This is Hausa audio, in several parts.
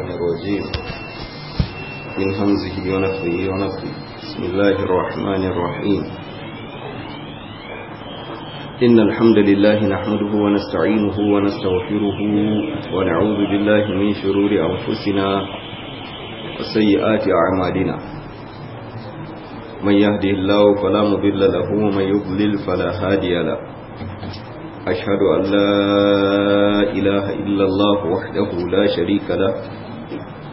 الشيطان الرجيم من همزه ونفه ونفه بسم الله الرحمن الرحيم إن الحمد لله نحمده ونستعينه ونستغفره ونعوذ بالله من شرور أنفسنا وسيئات أعمالنا من يهده الله فلا مضل له ومن يضلل فلا هادي له أشهد أن لا إله إلا الله وحده لا شريك له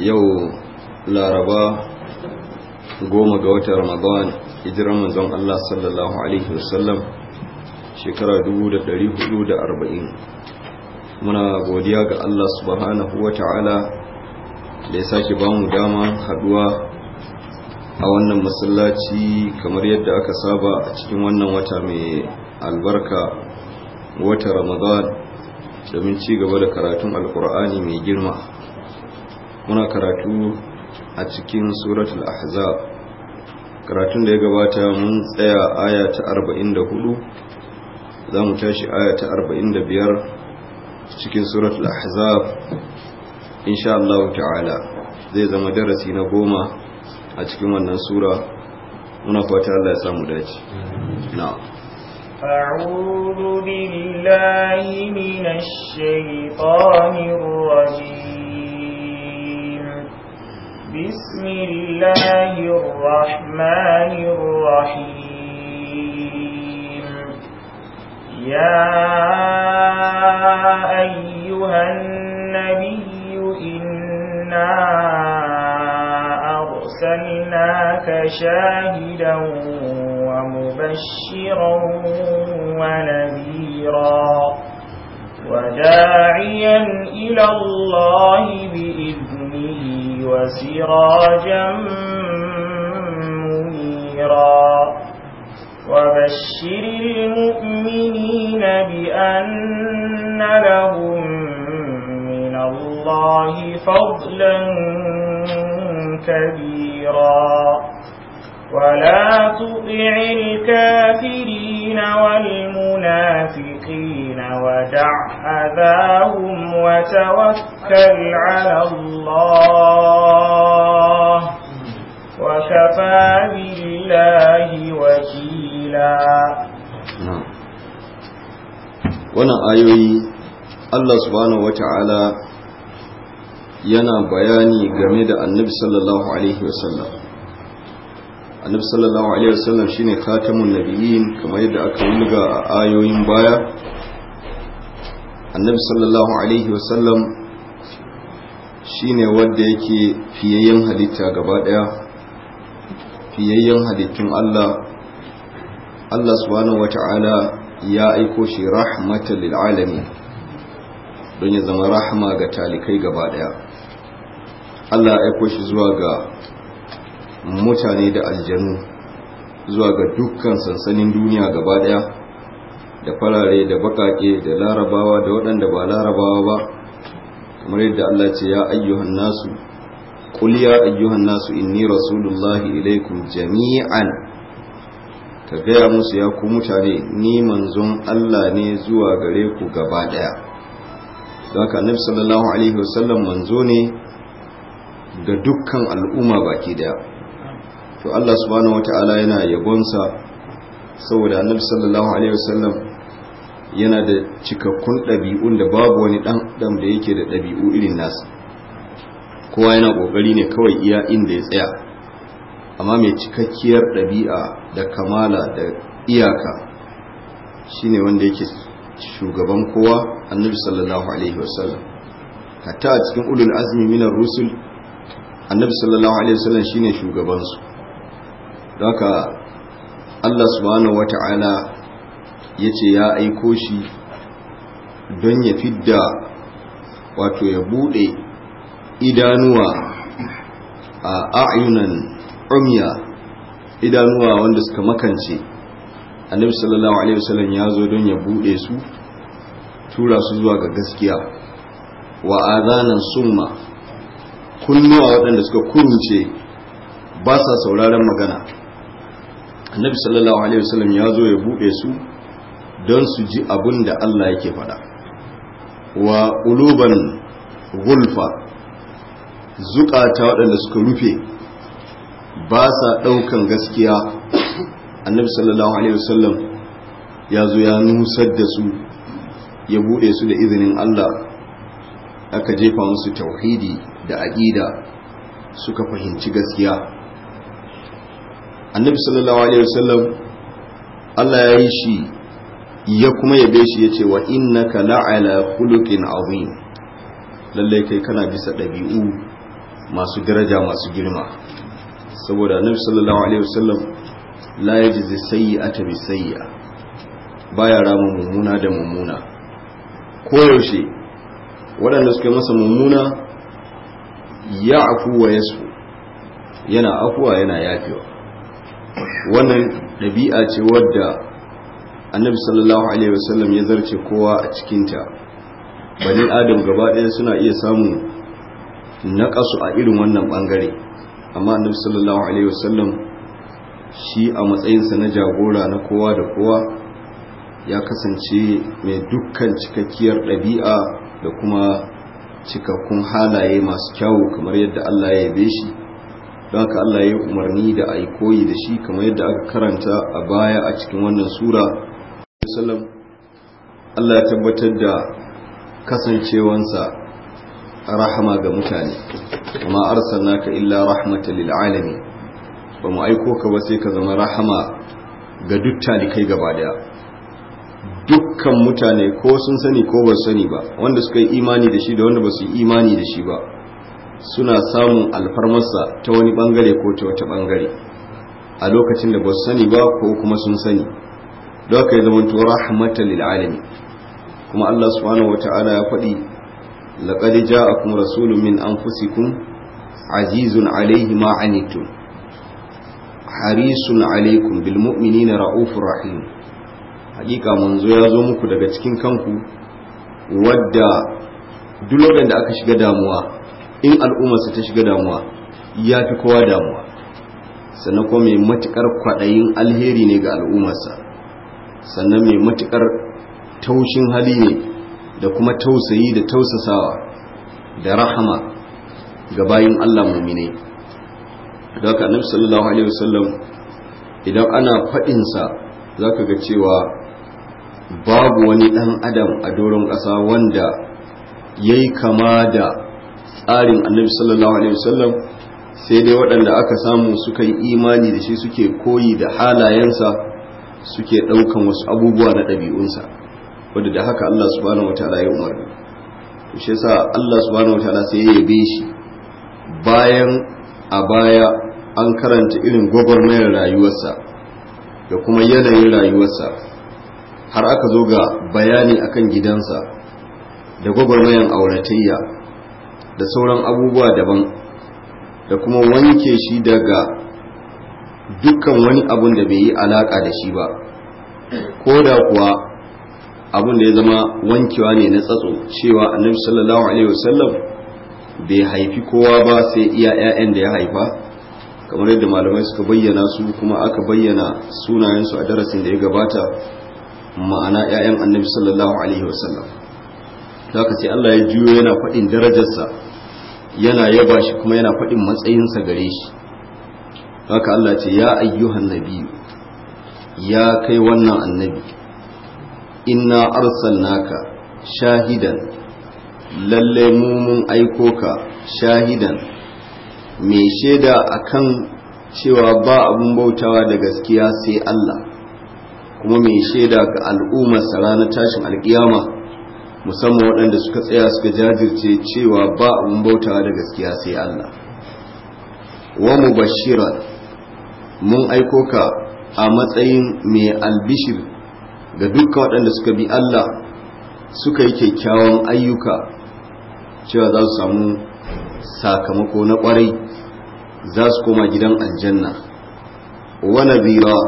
yau laraba goma ga watan ramadan hijiran manzon Allah sallallahu alaihi wasallam shekara 1440 muna godiya ga Allah subhanahu wata'ala da ya sake bamu dama haduwa a wannan masallaci kamar yadda aka saba a cikin wannan wata mai albarka wata ramadan domin ci gaba da karatun alkur'ani mai girma muna karatu a cikin suratul ahzab karatun da ya gabata mun tsaya aya ta 44 za mu tashi aya ta 45 cikin suratul ahzab insha Allah ta'ala zai zama darasi na goma a cikin wannan sura muna fata Allah ya samu dace na'am أعوذ بالله من الشيطان الرجيم بسم الله الرحمن الرحيم يا أيها النبي إنا أرسلناك شاهدا ومبشرا ونذيرا وداعيا إلى الله وسراجا منيرا وبشر المؤمنين بأن لهم من الله فضلا كبيرا ولا تطع الكافرين والمنافقين ودع أذاهم وتوكل على الله وكفى بالله وكيلا wannan ayoyi Allah subhanahu wata'ala yana bayani game da annabi sallallahu alaihi wasallam annabi sallallahu alaihi wasallam shine khatamun nabiyyin kamar yadda aka wulga a ayoyin baya annabi sallallahu alaihi wasallam shine wanda yake fiyayyen halitta gaba daya fiyayyen halittun Allah Allah subhanahu wata'ala ya aiko shi rahmatan lil alamin don ya zama rahama ga talikai gaba daya Allah ya aiko shi zuwa ga mutane da aljanu zuwa ga dukkan sansanin duniya gaba daya da farare da bakake da larabawa da waɗanda ba larabawa ba kamar yadda Allah ce ya ayyuhan nasu qul ya ayyuhan nasu inni rasulullahi ilaikum jami'an ka gaya musu ya ku mutane ni manzon Allah ne zuwa gare ku gaba daya haka annabi sallallahu alaihi wasallam manzo ne ga dukkan al'umma baki daya to Allah subhanahu wataala yana yabonsa saboda annabi sallallahu alaihi wasallam yana da cikakkun ɗabi'un da babu wani ɗan ɗan da yake da ɗabi'u irin nasa kowa yana ƙoƙari ne kawai iya inda ya tsaya amma mai cikakkiyar ɗabi'a da kamala da iyaka shine wanda yake shugaban kowa annabi sallallahu alaihi wasallam hatta a cikin ulul azmi minar rusul annabi sallallahu alaihi wasallam shine shugabansu haka Allah subhanahu ya ce ya aiko shi don ya fidda wato ya bude idanuwa a a'yunan umya idanuwa wanda suka makance annabi sallallahu alaihi wasallam ya zo don ya bude su tura su zuwa ga gaskiya wa adanan summa kunnuwa waɗanda suka kurunce ba sa sauraron magana annabi sallallahu alaihi wasallam ya zo ya bude su don su ji abin da Allah yake faɗa wa ƙuluban gulfa zukata waɗanda suka rufe ba sa ɗaukan gaskiya annabi sallallahu alaihi wasallam ya zo ya nusar da su ya buɗe su da izinin Allah aka jefa musu tauhidi da aƙida suka fahimci gaskiya annabi sallallahu alaihi wasallam Allah ya yi shi ya kuma yabe shi ya ce wa ka la'ala hulukin azim lalle kai kana bisa ɗabi'u masu daraja masu girma saboda annabi sallallahu alaihi wasallam la yajzi sayyi'ata bi sayyi'a baya rama mummuna da mummuna koyaushe waɗanda suka masa mummuna ya afu wa su yana afuwa yana yafewa wannan ɗabi'a ce wadda annabi sallallahu alaihi wasallam ya zarce kowa a cikinta bani adam gaba ɗaya suna iya samun naƙasu a irin wannan ɓangare amma annabi sallallahu alaihi wasallam shi a matsayinsa na jagora na kowa da kowa ya kasance mai dukkan cikakkiyar ɗabi'a da kuma cikakkun halaye masu kyawu kamar yadda Allah ya yabe shi don haka Allah ya umarni da a koyi da shi kamar yadda aka karanta a baya a cikin wannan sura wasallam Allah ya tabbatar da kasancewansa rahama ga mutane amma ka illa rahmatan lil alamin ba mu aiko ka ba sai ka zama rahama ga duk talikai gaba daya dukkan mutane ko sun sani ko ba sani ba wanda suka yi imani da shi da wanda ba su yi imani da shi ba suna samun alfarmarsa ta wani bangare ko ta wata bangare a lokacin da ba su sani ba ko kuma sun sani don haka ya zamanto rahmatan lil kuma Allah subhanahu ta'ala ya faɗi laqad ja'akum rasulun min anfusikum azizun alayhi ma anittum harisun alaykum bil mu'minina raufur rahim hakika manzo ya zo muku daga cikin kanku wadda duk da aka shiga damuwa in al'umma su ta shiga damuwa ya fi kowa damuwa sannan kuma mai matukar kwaɗayin alheri ne ga al'ummarsa sannan mai matuƙar taushin hali ne da kuma tausayi da tausasawa da rahama ga bayan Allah mu'minai don ka nufi sallallahu alaihi wasallam idan ana faɗinsa za ka ga cewa babu wani ɗan adam a doron ƙasa wanda ya yi kama da tsarin annabi sallallahu alaihi wasallam sai dai waɗanda aka samu suka yi imani da shi suke koyi da halayensa suke ɗaukan wasu abubuwa na ɗabi'unsa wadda da haka Allah subhanahu wataala ya umarni shi yasa Allah subhanahu wataala sai ya yabe shi bayan a baya an karanta irin gwagwarmayar rayuwarsa da kuma yanayin rayuwarsa har aka zo ga bayani akan gidansa da gwagwarmayar auratayya da sauran abubuwa daban da kuma wanke shi daga dukkan wani abun da bai yi alaka da shi ba ko da kuwa abun da ya zama wankewa ne na tsatso cewa annabi sallallahu alaihi wasallam bai haifi kowa ba sai iya 'ya'yan da ya haifa kamar yadda malamai suka bayyana su kuma aka bayyana sunayensu a darasin da ya gabata ma'ana 'ya'yan annabi sallallahu alaihi wasallam da sai Allah ya juyo yana faɗin darajarsa yana yaba shi kuma yana faɗin matsayinsa gare shi haka Allah ce ya ayyuhan nabi ya kai wannan annabi inna arsalnaka shahidan lalle mu mun aiko ka shahidan mai shaida akan cewa ba abun bautawa da gaskiya sai Allah kuma mai shaida ga al'ummarsa ranar tashin alkiyama musamman waɗanda suka tsaya suka jajirce cewa ba abun bautawa da gaskiya sai Allah wa mubashiran mun aiko ka a matsayin mai albishir ga duka waɗanda suka bi Allah suka yi kyakkyawan ayyuka cewa za su samu sakamako na ƙwarai za su koma gidan aljanna wani biyuwa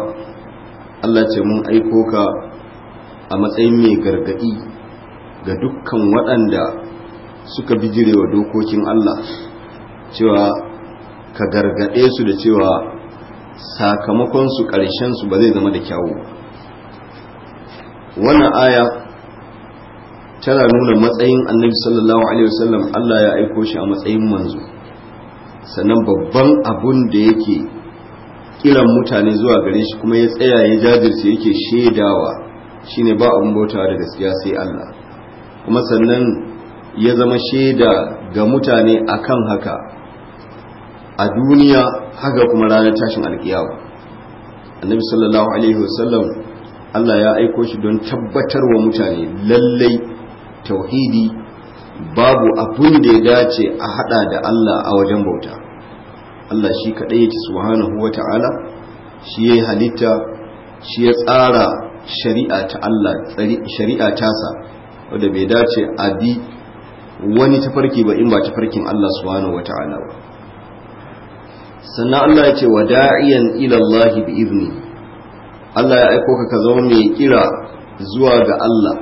Allah ce mun aiko ka a matsayin mai gargaɗi ga dukkan waɗanda suka wa dokokin Allah cewa ka gargaɗe su da cewa Sakamakonsu su ƙarshen su ba zai zama da kyawu ba wannan aya tana nuna matsayin annabi sallallahu alaihi wasallam Allah ya aiko shi a matsayin manzo sannan babban abun da yake kiran mutane zuwa gare shi kuma ya tsaya ya jajirce yake shaidawa shine ba abun bauta da gaskiya sai Allah kuma sannan ya zama shaida ga mutane akan haka a duniya haka kuma ranar tashin alkiyama annabi sallallahu alaihi wasallam Allah ya aiko shi don tabbatar wa mutane lallai tauhidi babu abun da ya dace a hada da Allah a wajen bauta Allah shi kadai yake subhanahu wata'ala shi yayi halitta shi ya tsara shari'a ta Allah shari'a tasa wanda bai dace a bi wani tafarki ba in ba tafarkin Allah subhanahu wata'ala ba sannan Allah ya ce wa da'iyan ilallahi bi izni Allah ya aiko ka zama mai kira zuwa ga Allah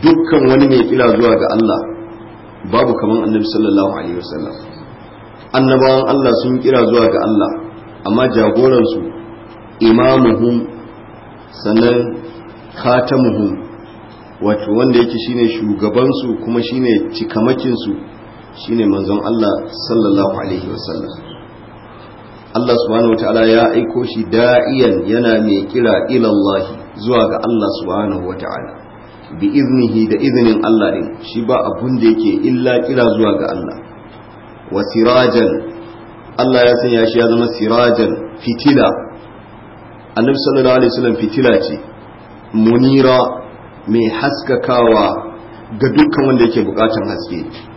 dukkan wani mai kira zuwa ga Allah babu kaman annabi sallallahu alaihi wasallam annabawan Allah sun kira zuwa ga Allah amma jagoransu imamuhum sannan khatamuhum wato wanda yake shine shugabansu kuma shine cikamakinsu shine manzon Allah sallallahu alaihi wasallam Allah subhanahu wataala ya aiko shi da'iyan yana mai kira ilallahi zuwa ga Allah subhanahu wataala bi iznihi da iznin Allah din shi ba abun da yake illa kira zuwa ga Allah wa sirajan Allah ya sanya shi ya zama sirajan fitila annabi sallallahu alaihi wasallam fitila ce munira mai haskakawa ga dukkan wanda yake bukatan haske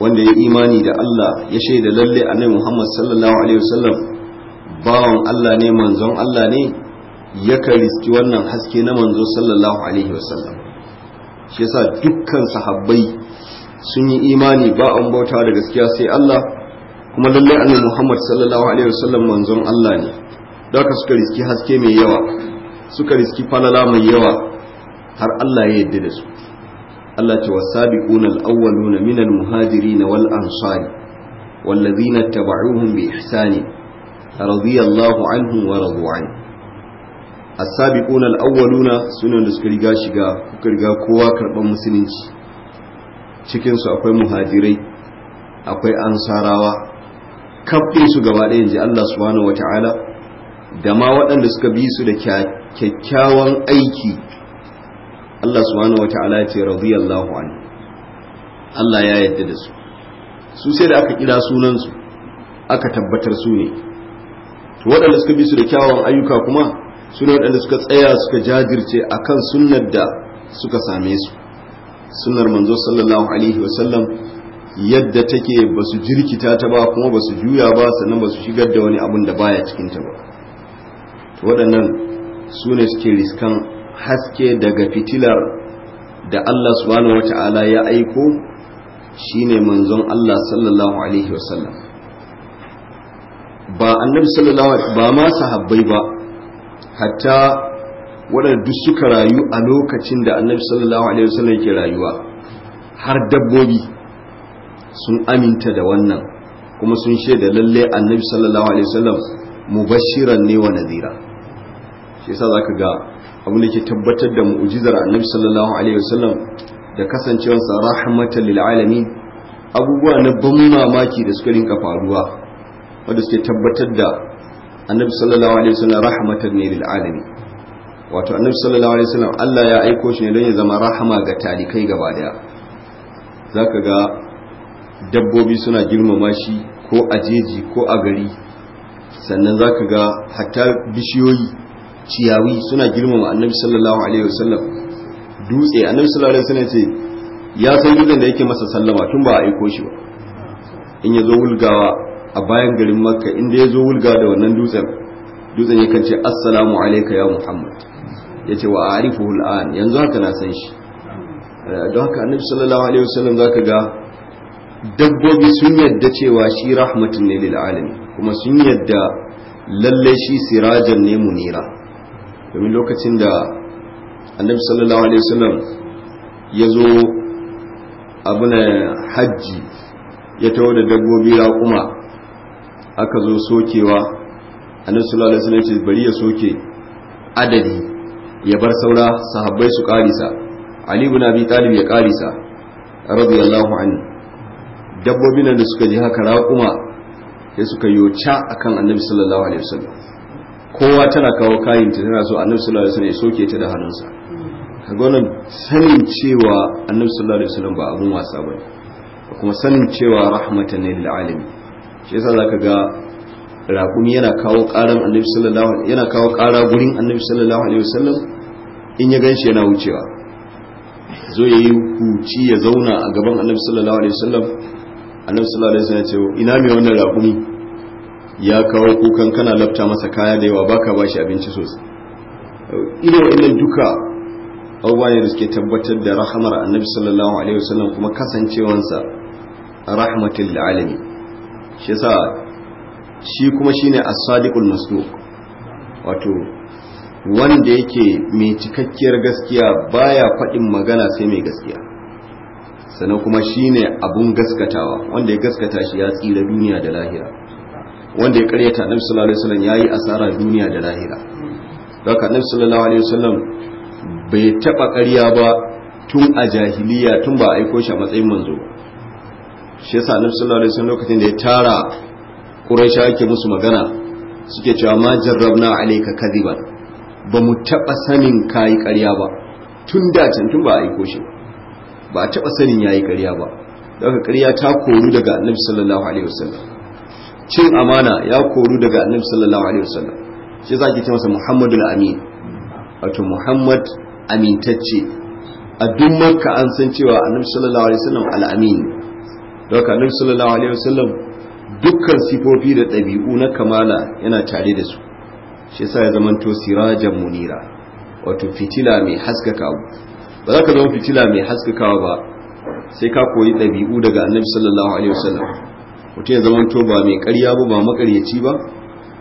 wanda ya imani da Allah ya shaida lalle annabi Muhammad sallallahu alaihi wasallam bawan Allah ne manzon Allah ne ya riski wannan haske na manzo sallallahu alaihi wasallam shi yasa dukkan sahabbai sun yi imani ba an bauta da gaskiya sai Allah kuma lalle annabi Muhammad sallallahu alaihi wasallam manzon Allah ne da haka suka riski haske mai yawa suka riski falala mai yawa har Allah ya yarda da su Allah ce wasabiqun al-awwalun min al-muhajirin wal ansari والذين اتبعوهم بإحسان رضي الله عنهم ورضوا عنه السابقون الأولون سنن دسكرغا شيغا riga kowa karban musulunci cikin su akwai muhajirai akwai ansarawa kafin su gaba ɗaya ji Allah subhanahu wataala da ma waɗanda suka bi su da kyakkyawan aiki Allah subhanahu wata'ala ya ce radiyallahu anhu Allah ya yadda da su su sai da aka kira sunan aka tabbatar su ne to waɗanda suka bi su da kyawawan ayyuka kuma su waɗanda suka tsaya suka jajirce akan sunnar da suka same su sunnar manzo sallallahu alaihi wasallam yadda take ba su jirkita ta ba kuma ba su juya ba sannan ba su shigar da wani abun da baya cikin ta ba waɗannan su ne suke riskan haske daga fitilar da Allah subhanahu Taala ya aiko shine manzon Allah sallallahu alaihi wasallam ba annabi sallallahu alaihi ba ma sahabbai ba hatta waɗanda duk suka rayu a lokacin da annabi sallallahu alaihi wasallam ke rayuwa har dabbobi sun aminta da wannan kuma sun shaida lalle annabi sallallahu alaihi wasallam mubashiran ne wa nadira shi yasa zaka ga abin da ke tabbatar da mu'ujizar annabi sallallahu alaihi wasallam da kasancewarsa rahmatan lil alamin abubuwa na ban mamaki da suka rinka faruwa wanda suke tabbatar da annabi sallallahu alaihi wasallam rahmatan ne lil alamin wato annabi sallallahu alaihi wasallam Allah ya aiko shi ne don ya zama rahama ga talikai gaba daya zaka ga dabbobi suna girmama shi ko a jeji ko a gari sannan zaka ga hatta bishiyoyi ciyawi suna girmama annabi sallallahu alaihi wasallam dutse annabi sallallahu alaihi wasallam ce ya san gidan da yake masa sallama tun ba a aiko shi ba in ya zo wulgawa a bayan garin makka inda ya zo wulga da wannan dutsen dutsen yakan ce assalamu alayka ya muhammad ya ce wa arifuhu al'an yanzu haka na san shi eh, don haka annabi sallallahu alaihi wasallam zaka ga dabbobi sun yadda cewa shi rahmatun ne lil alamin kuma sun yadda lalle shi sirajan ne munira domin lokacin da annabi sallallahu alaihi wasallam ya zo abuna hajji ya taho da dabbobi raƙuma aka zo sokewa annabi sallallahu alaihi wasallam ce bari ya soke adadi ya bar saura sahabbai su ƙarisa. ali ibn abi talib ya karisa radiyallahu anhu dabbobin da suka ji haka raƙuma sai suka yoca akan annabi sallallahu alaihi wasallam kowa tana kawo kayan ta tana so annabi sallallahu alaihi wasallam ya soke ta da hannunsa kaga wannan sanin cewa annabi sallallahu alaihi wasallam ba abun wasa bane kuma sanin cewa rahmatan lil alamin shi yasa zaka ga raƙumi yana kawo ƙaran annabi sallallahu alaihi yana kawo ƙara gurin annabi sallallahu alaihi wasallam in ya ganshi yana wucewa zo ya yi huci ya zauna a gaban annabi sallallahu alaihi wasallam annabi sallallahu alaihi wasallam ya ce ina mai wannan raƙumi ya kawo kukan kana lafta masa kaya da yawa baka bashi abinci sosai ido wannan duka abubuwa ne da suke tabbatar da rahamar annabi sallallahu alaihi wasallam kuma kasancewansa rahmatul alami shi yasa shi kuma shine as-sadiqul masduq wato wanda yake mai cikakkiyar gaskiya baya faɗin magana sai mai gaskiya sannan kuma shine abun gaskatawa wanda ya gaskata shi ya tsira duniya da lahira wanda ya karyata annabi sallallahu alaihi wasallam yayi asara duniya da lahira haka annabi sallallahu alaihi wasallam bai taba ƙarya ba tun a jahiliya tun ba a aiko shi a matsayin manzo ba shi yasa annabi sallallahu alaihi wasallam lokacin da ya tara quraisha yake musu magana suke cewa ma jarrabna alayka kadhiban ba mu taba sanin kai ƙarya ba tun da can tun ba a aiko shi ba a taba sanin yayi ƙarya ba daga ƙarya ta koru daga annabi sallallahu alaihi wasallam cin amana ya koru daga annabi sallallahu alaihi wasallam shi za ki ce masa muhammadul amin wato muhammad amintacce a duk makka an san cewa annabi sallallahu alaihi wasallam al-amin don haka annabi sallallahu alaihi wasallam dukkan sifofi da ɗabi'u na kamala yana tare da su shi yasa ya to sirajan munira wato fitila mai haskakawa ba za ka zama fitila mai haskakawa ba sai ka koyi ɗabi'u daga annabi sallallahu alaihi wasallam mutum ya zama to ba mai karya ba ba makaryaci ba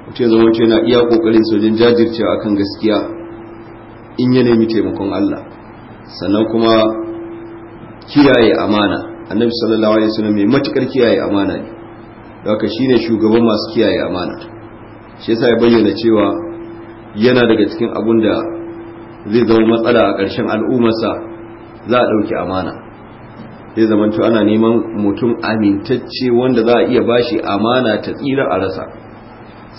mutum ya zama to yana iya kokarin sojin jajircewa akan gaskiya in ya nemi taimakon Allah sannan kuma kiyaye amana annabi sallallahu alaihi wasallam mai matukar kiyaye amana ne haka shine shugaban masu kiyaye amana shi yasa ya bayyana cewa yana daga cikin abun da zai zama matsala a ƙarshen al'ummarsa za a ɗauki amana zai zamanto ana neman mutum amintacce wanda za a iya bashi amana ta tsira a rasa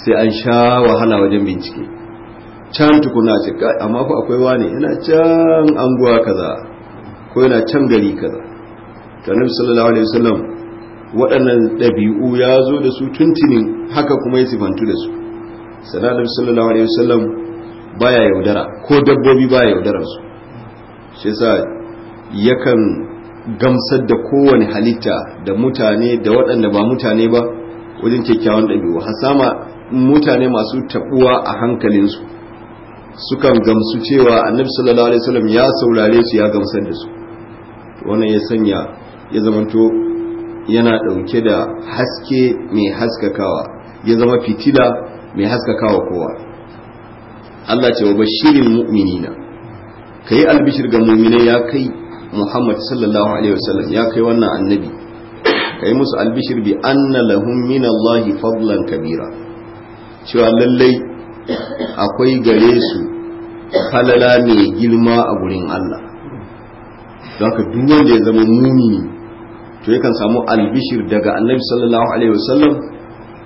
sai an sha wahala wajen bincike can tukuna ce amma fa akwai wani yana can anguwa kaza ko yana can gari kaza to annabi sallallahu alaihi wasallam waɗannan ɗabi'u ya zo da su tuntunin haka kuma ya sifantu da su sanadar sallallahu alaihi wasallam baya yaudara ko dabbobi baya yaudararsu shi sa yakan gamsar da kowane halitta da mutane da waɗanda ba mutane ba wajen kyakkyawan ɗabi'u hasama mutane masu taɓuwa a hankalinsu sukan gamsu cewa annabi sallallahu alaihi wasallam ya saurare su ya gamsar da su wannan ya sanya ya zamanto yana ɗauke da haske mai haskakawa ya zama fitila mai haskakawa kowa Allah ce wa bashirin mu'minina kai albishir ga mu'minai ya kai muhammad sallallahu alaihi wasallam ya kai wannan annabi kai musu albishir bi anna lahum min allahi fadlan kabira cewa lallai akwai gare su falala mai girma a gurin allah don ka duk wanda ya zama mumini to yakan samu albishir daga annabi sallallahu alaihi wasallam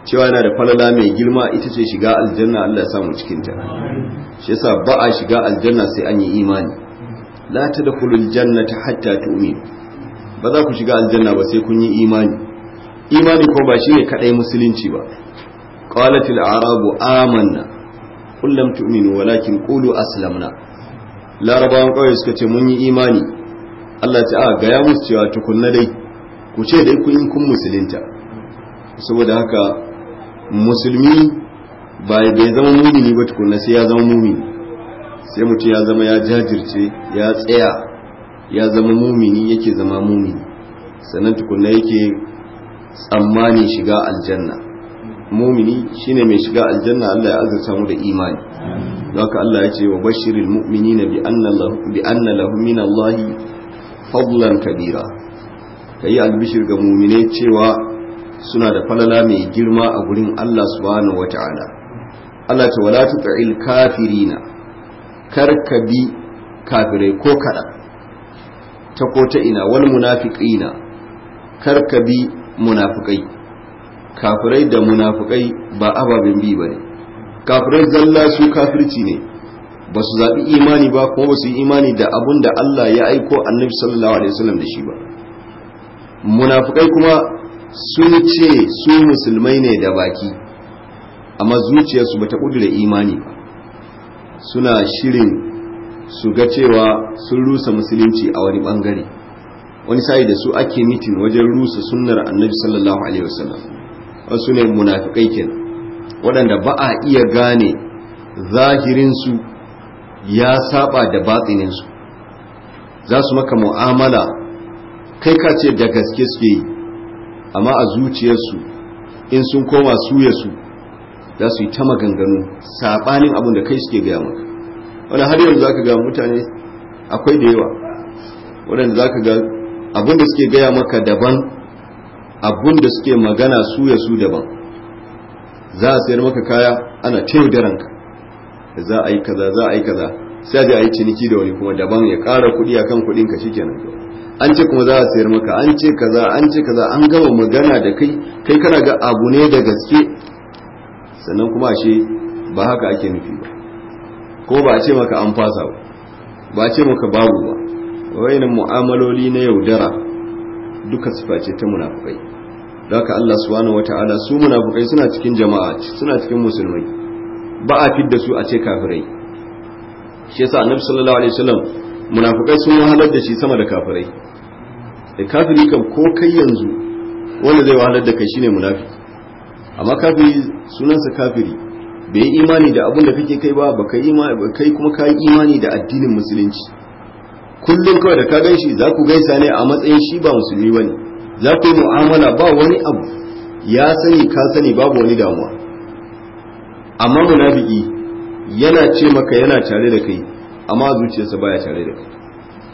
cewa yana da falala mai girma ita ce shiga aljanna Allah ya samu cikinta shi yasa ba a shiga aljanna sai an yi imani la tadkhulul jannata hatta tu'min ba za ku shiga aljanna ba sai kun yi imani imani ko ba shi ne kadai musulunci ba qalatil arabu amanna Kullum lam tu'minu walakin qulu aslamna larabawan kawai suka ce mun yi imani Allah ta ga ya musu cewa tukunna dai ku ce dai kun yi kun musulunta saboda haka musulmi bai zama mumini ba tukunna sai ya zama mumini sai mutum ya zama ya jajirce ya tsaya ya zama mumini yake zama mumini sannan tukunna yake tsammanin shiga aljanna mumini shine mai shiga aljanna Allah ya azurta mu da imani haka Allah ya ce wa bashirin mu'minina bi anna bi anna lahum min Allah fadlan kabira kai albishir ga mu'mine cewa suna da falala mai girma a gurin Allah subhanahu wataala Allah ta wala tuqil kafirina karka bi kafirai ko kaɗan ta ko ta ina wal munafiqina karka bi munafiqai kafirai da munafiqai ba ababen bi bane kafirai zalla su kafirci ne ba su zaɓi imani ba kuma ba su yi imani da abun da Allah ya aiko annabi sallallahu alaihi wasallam da shi ba munafiqai kuma sun ce su musulmai ne da baki amma zuciyarsu bata kudura imani ba suna shirin su ga cewa sun rusa musulunci a wani bangare wani sai da su ake mitin wajen rusa sunnar annabi sallallahu alaihi wasallam wasu ne munafikai kenan waɗanda ba a iya gane zahirinsu ya saba da batsininsu za su maka mu'amala kai ka ce da gaske suke yi amma a zuciyarsu in sun koma suyasu za su yi ta maganganu sabanin abin da kai suke gaya maka wadanda har yanzu zaka ga mutane akwai da yawa waɗanda zaka ga abin da suke gaya maka daban abin da suke magana su ya su daban za a sayar maka kaya ana ta yaudaranka za a yi kaza za a yi kaza sai a yi ciniki da wani kuma daban ya ƙara kuɗi akan kuɗin ka shikenan an ce kuma za a sayar maka an ce kaza an ce kaza an gama magana da kai kai kana ga abu ne da gaske sannan kuma ashe ba haka ake nufi ba ko ba a ce maka an fasa ba ba a ce maka babu ba wayannan mu'amaloli na yaudara duka siface ta munafukai da haka Allah subhanahu wata'ala su munafukai suna cikin jama'a suna cikin musulmai ba a fidda su a ce kafirai shi yasa annabi sallallahu alaihi wasallam munafukai sun wahalar da shi sama da kafirai da eh, kafiri kan ko kai yanzu wanda zai wahalar da kai shine munafiki amma kafiri sunansa kafiri bai yi imani da abun da kake kai ba ba kai kuma ka yi imani da addinin musulunci kullum kawai da ka gan shi za ku gaisa ne a matsayin shi ba musulmi ba ne za ku yi mu'amala ba wani abu ya sani ka sani babu wani damuwa amma munafiki yana ce maka yana tare da kai amma zuciyarsa baya tare da kai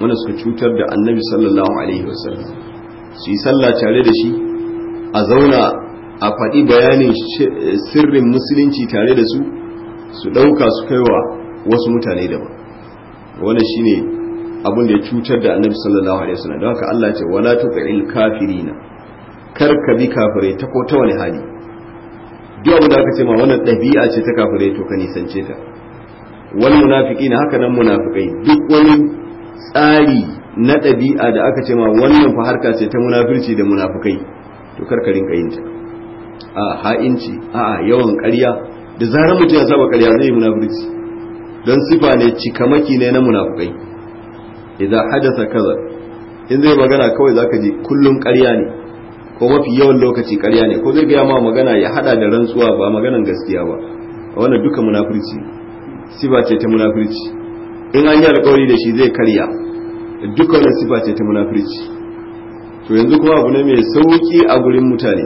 wanda suka cutar da annabi sallallahu alaihi wasallam su yi sallah tare da shi a zauna a faɗi bayanin eh, sirrin musulunci tare da su su ɗauka su kai wa wasu mutane daban shi ne abin da ya cutar da annabi sallallahu alaihi wasallam don haka Allah ce wala tuqil kafirina kar ka bi kafirai ta ko ta wani hali duk abin da aka ce ma wannan ɗabi'a ce ta kafirai to ka nisance ta wal munafiqina haka nan munafikai duk wani tsari na ɗabi'a da aka ce ma wannan fa harka ce ta munafirci da munafikai to kar ka rinka yin ta a ha'inci a yawan ƙarya da zarar mutum ya saba ƙarya zai yi munafurci don sifa ne cikamaki ne na munafukai idan hadasa kaza in zai magana kawai zaka ji kullum ƙarya ne ko mafi yawan lokaci ƙarya ne ko zai gaya ma magana ya hada da rantsuwa ba maganan gaskiya ba A wannan duka munafurci sifa ce ta munafurci in an yi alƙawari da shi zai karya duka wannan sifa ce ta munafurci to yanzu kuma abu ne mai sauki a gurin mutane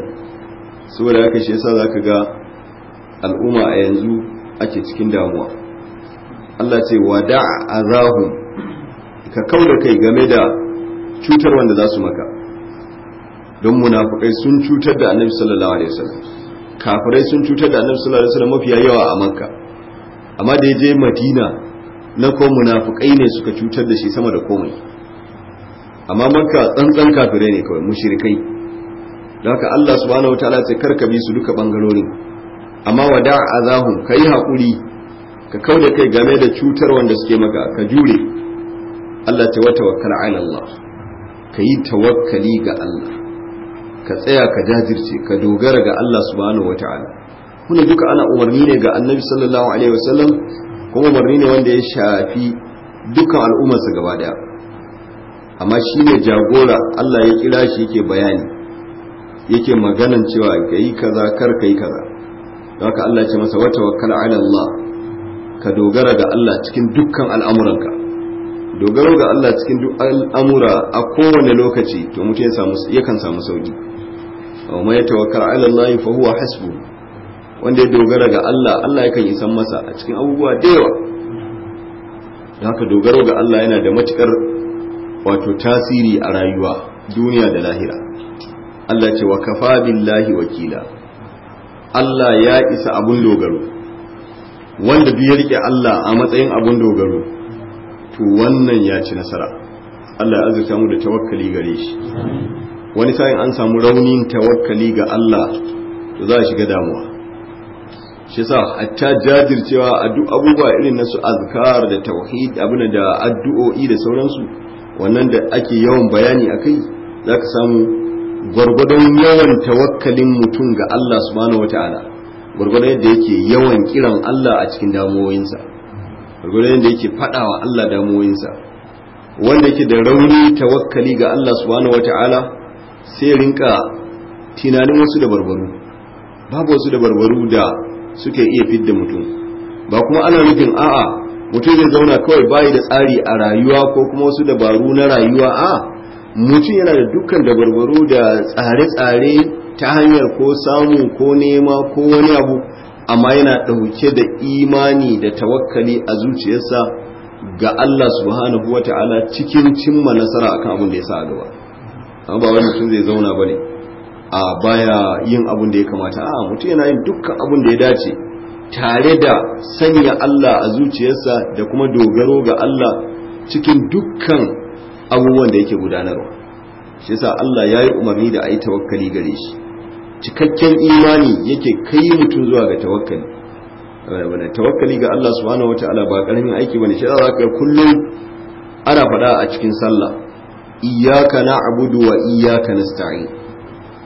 saboda haka shi yasa zaka ga al'umma a yanzu ake cikin damuwa Allah ce wada azahum ka kauda kai game da cutar wanda za su maka don munafukai sun cutar da annabi sallallahu alaihi wasallam kafirai sun cutar da annabi sallallahu alaihi wasallam mafiya yawa a makka amma da ya je madina na ko munafukai ne suka cutar da shi sama da komai amma makka tsantsan kafirai ne kawai mushrikai don haka Allah subhanahu wataala ce ka bi su duka bangarorin amma wada ka yi hakuri ka da kai game da cutar wanda suke maka ka jure Allah ce wata wakar ala Allah ka yi tawakkali ga Allah ka tsaya ka jajirce ka dogara ga Allah subhanahu wataala kuna duka ana umarni ne ga Annabi sallallahu alaihi wasallam kuma umarni ne wanda ya shafi dukkan al'ummarsa gaba daya amma shi ne jagora Allah ya kira shi yake bayani yake maganan cewa yi kaza kar yi kaza haka Allah ce masa wata wakala ala Allah ka dogara ga Allah cikin dukkan al'amuranka dogaro ga Allah cikin duk al'amura a kowane lokaci to mutum yakan samu sauki wa ma yatawakkal ala Allah fa huwa hasbu wanda ya dogara ga Allah Allah yakan san masa a cikin abubuwa da yawa haka dogaro ga Allah yana da matukar wato tasiri a rayuwa duniya da lahira Allah ce wa kafa billahi wakila Allah ya isa abun dogaro wanda duk ya rike Allah a matsayin abun dogaro to wannan ya ci nasara Allah ya azurta mu da tawakkali gare shi wani sa'in an samu raunin tawakkali ga Allah to za a shiga damuwa shi sa hatta jajircewa a duk abubuwa irin nasu azkar da tauhid abin da addu'o'i da sauransu wannan da ake yawan bayani akai zaka samu gwargwadon yawan tawakkalin mutum ga Allah subhanahu wataala gwargwadon yadda yake yawan kiran Allah a cikin damuwoyinsa gwargwadon yadda yake faɗawa Allah damuwoyinsa wanda yake da rauni tawakkali ga Allah subhanahu wataala sai rinka tunanin wasu da barbaru babu wasu da barbaru da suke iya fidda mutum ba kuma ana nufin a'a mutum zai zauna kawai bayi da tsari a rayuwa ko kuma wasu dabaru na rayuwa a mutum yana da dukkan dabarbaru da tsare-tsare ta hanyar ko samu ko nema ko wani abu amma yana ɗauke da imani da tawakkali a zuciyarsa ga Allah subhanahu wa ta'ala cikin cimma nasara a kan abin da ya sa gaba amma ba wani mutum zai zauna ba ne a baya yin abin da ya kamata a mutum yana yin dukkan abin da ya dace tare da sanya Allah a zuciyarsa da kuma dogaro ga Allah cikin dukkan abubuwan da yake gudanarwa shi yasa Allah ya yi umarni da a yi tawakkali gare shi cikakken imani yake kai mutum zuwa ga tawakkali eh, wanda tawakkali ga Allah subhanahu ta'ala ba karamin aiki bane shi za ka kullum ana faɗa a cikin sallah iyyaka na'budu wa iyyaka nasta'in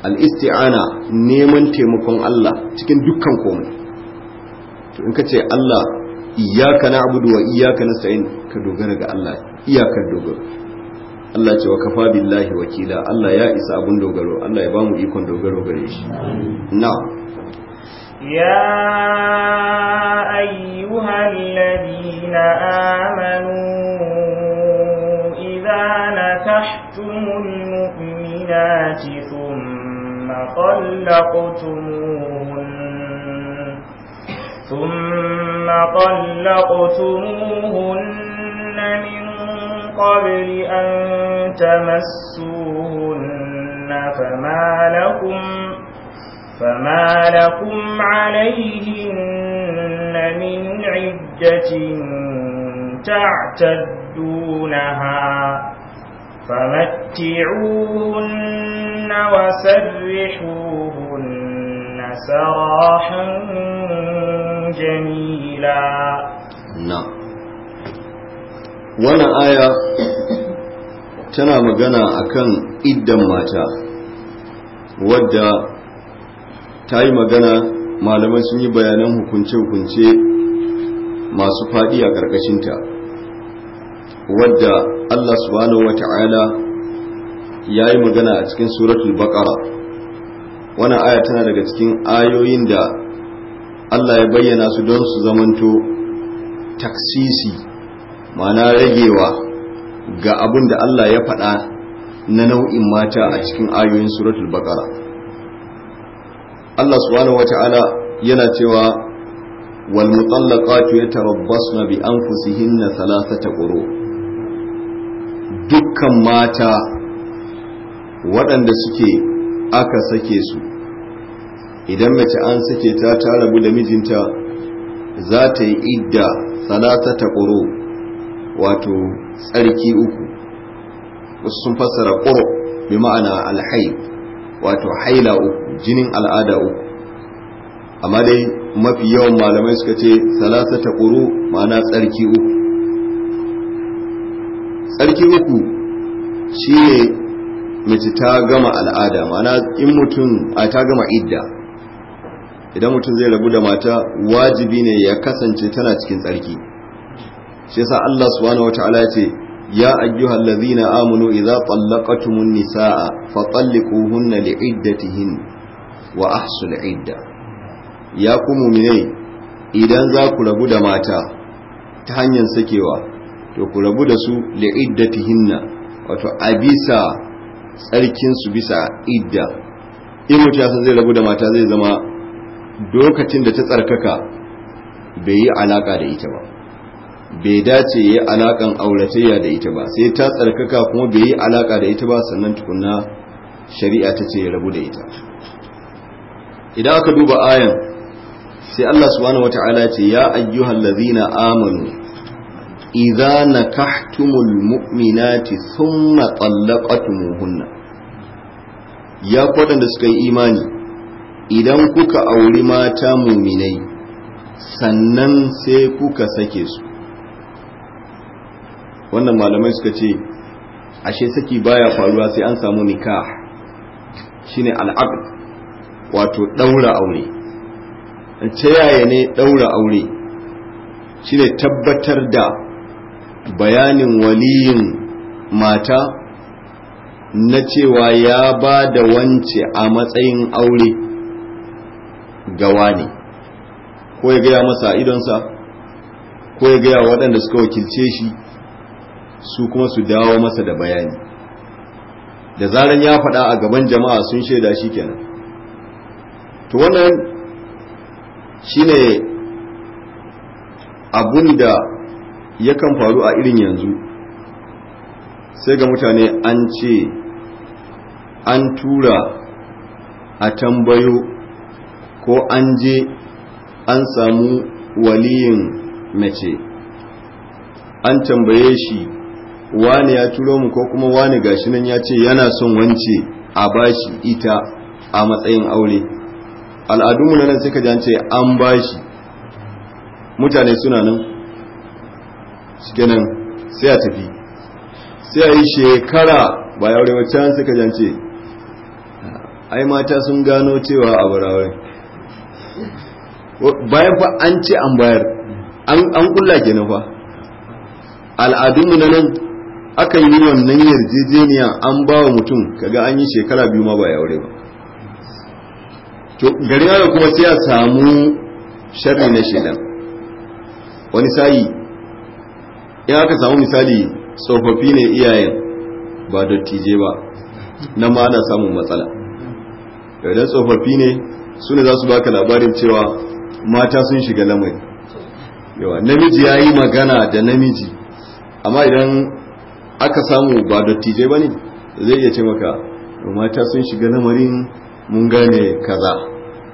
al-isti'ana neman taimakon Allah cikin dukkan komai to in ka ce Allah iyyaka na'budu wa iyyaka nasta'in ka dogara ga Allah iyakar dogaro Allah ce wa kafa billahi wakila Allah ya isa abun dogaro Allah ya bamu ikon dogaro gare shi na'am يا أيها الذين آمنوا إذا نكحتم المؤمنات ثم طلقتموهن ثم طلقتموهن من قبل أن تمسوهن فما لكم فما لكم عليهن من عدة تعتدونها فمتعوهن وسرحوهن سراحا جميلا نعم wannan aya tana magana akan iddan mata wadda ta yi magana malamai sun yi bayanan hukunce-hukunce masu faɗi a ƙarƙashinta wadda Allah subhanahu wa ta'ala ya yi magana a cikin suratul baqara wannan aya tana daga cikin ayoyin da Allah ya bayyana su don su zamanto taksisi ma'ana ragewa ga abin da Allah ya faɗa na nau'in mata a cikin ayoyin suratul baqara Allah subhanahu wata'ala yana cewa wal mutallaqatu yatarabbasna bi anfusihinna thalathata quru dukkan mata waɗanda suke aka sake su idan mace an sake ta ta rabu da mijinta za ta yi idda thalathata quru wato tsarki uku wasu sun fassara ƙoro bi ma'ana alhai wato haila uku jinin al'ada uku amma dai mafi yawan malamai suka ce salasa ta ƙuru ma'ana tsarki uku tsarki uku shi ne mace ta gama al'ada ma'ana in mutum a ta gama idda idan mutum zai rabu da mata wajibi ne ya kasance tana cikin tsarki shi yasa Allah subhanahu wataala ya ce ya ayyuhal ladzina amanu idza tallaqatumun nisaa li iddatihin wa ahsul idda ya ku mu'mine idan za ku rabu da mata ta hanyar sakewa to ku rabu da su li'iddatihinna wato abisa su bisa idda in mutum ya san zai rabu da mata zai zama lokacin da ta tsarkaka bai yi alaka da ita ba bai dace ya yi alaƙan auratayya da ita ba sai ta tsarkaka kuma bai yi alaƙa da ita ba sannan tukunna shari'a ta ce ya rabu da ita idan aka duba ayan sai Allah subhanahu wata'ala ce ya ayyuhal ladzina amanu idza nakahtumul mu'minati thumma talaqatumuhunna ya da suka yi imani idan kuka auri mata muminai sannan sai kuka sake su wannan malamai suka ce ashe saki baya faruwa sai an samu nikah shine al'aqd wato daura aure ce yaya ne daura aure shine tabbatar da bayanin waliyin mata na cewa ya ba da wance a matsayin aure gawa ne ko ya gaya masa idonsa ko ya gaya waɗanda suka wakilce shi su kuma su dawo masa da bayani da zaran ya faɗa a gaban jama'a sun shaida shi kenan to wannan shine abun da yakan faru a irin yanzu sai ga mutane an ce an tura a tambayo ko an je an samu waliyin mace an tambaye shi wani ya turo mu ko kuma wani gashi nan ya ce yana son wance a bashi ita a matsayin aure al'adunmu na nan suka jance an bashi mutane suna nan suke nan sai a tafi sai a yi shekara ba ya aure can suka jance ai mata sun gano cewa a barawai bayan fa an ce an bayar an kulla ke fa al'adunmu na nan aka yi wannan yarjejeniya an ba wa mutum kaga an yi shekara biyu ma ba ya aure ba to garin haka kuma sai a samu sharri na shedan wani sayi in aka samu misali tsofaffi ne iyayen ba dattijai ba nan ma ana samun matsala idan tsofaffi ne su ne za su baka labarin cewa mata sun shiga lamari yawa namiji ya yi magana da namiji amma idan aka samu ba dattijai ba ne zai iya ce maka mata sun shiga lamarin mun gane kaza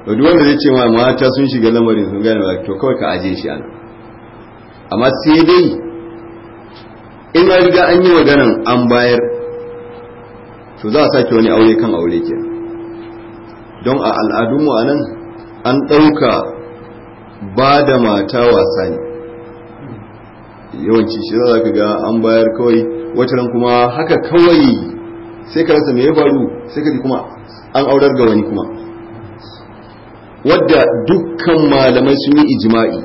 to duk wanda zai ce ma mata sun shiga lamarin sun gane ba to kawai ka aje shi ana amma sai dai in an riga an yi maganan an bayar to za a sake wani aure kan aure ke don a al'adunmu a nan an ɗauka ba da mata wasa ne yawanci shi za ka ga an bayar kawai ran kuma haka kawai sai ka rasa me ya faru sai ka ji kuma an aurar ga wani kuma wadda dukkan malamai sun yi ijima'i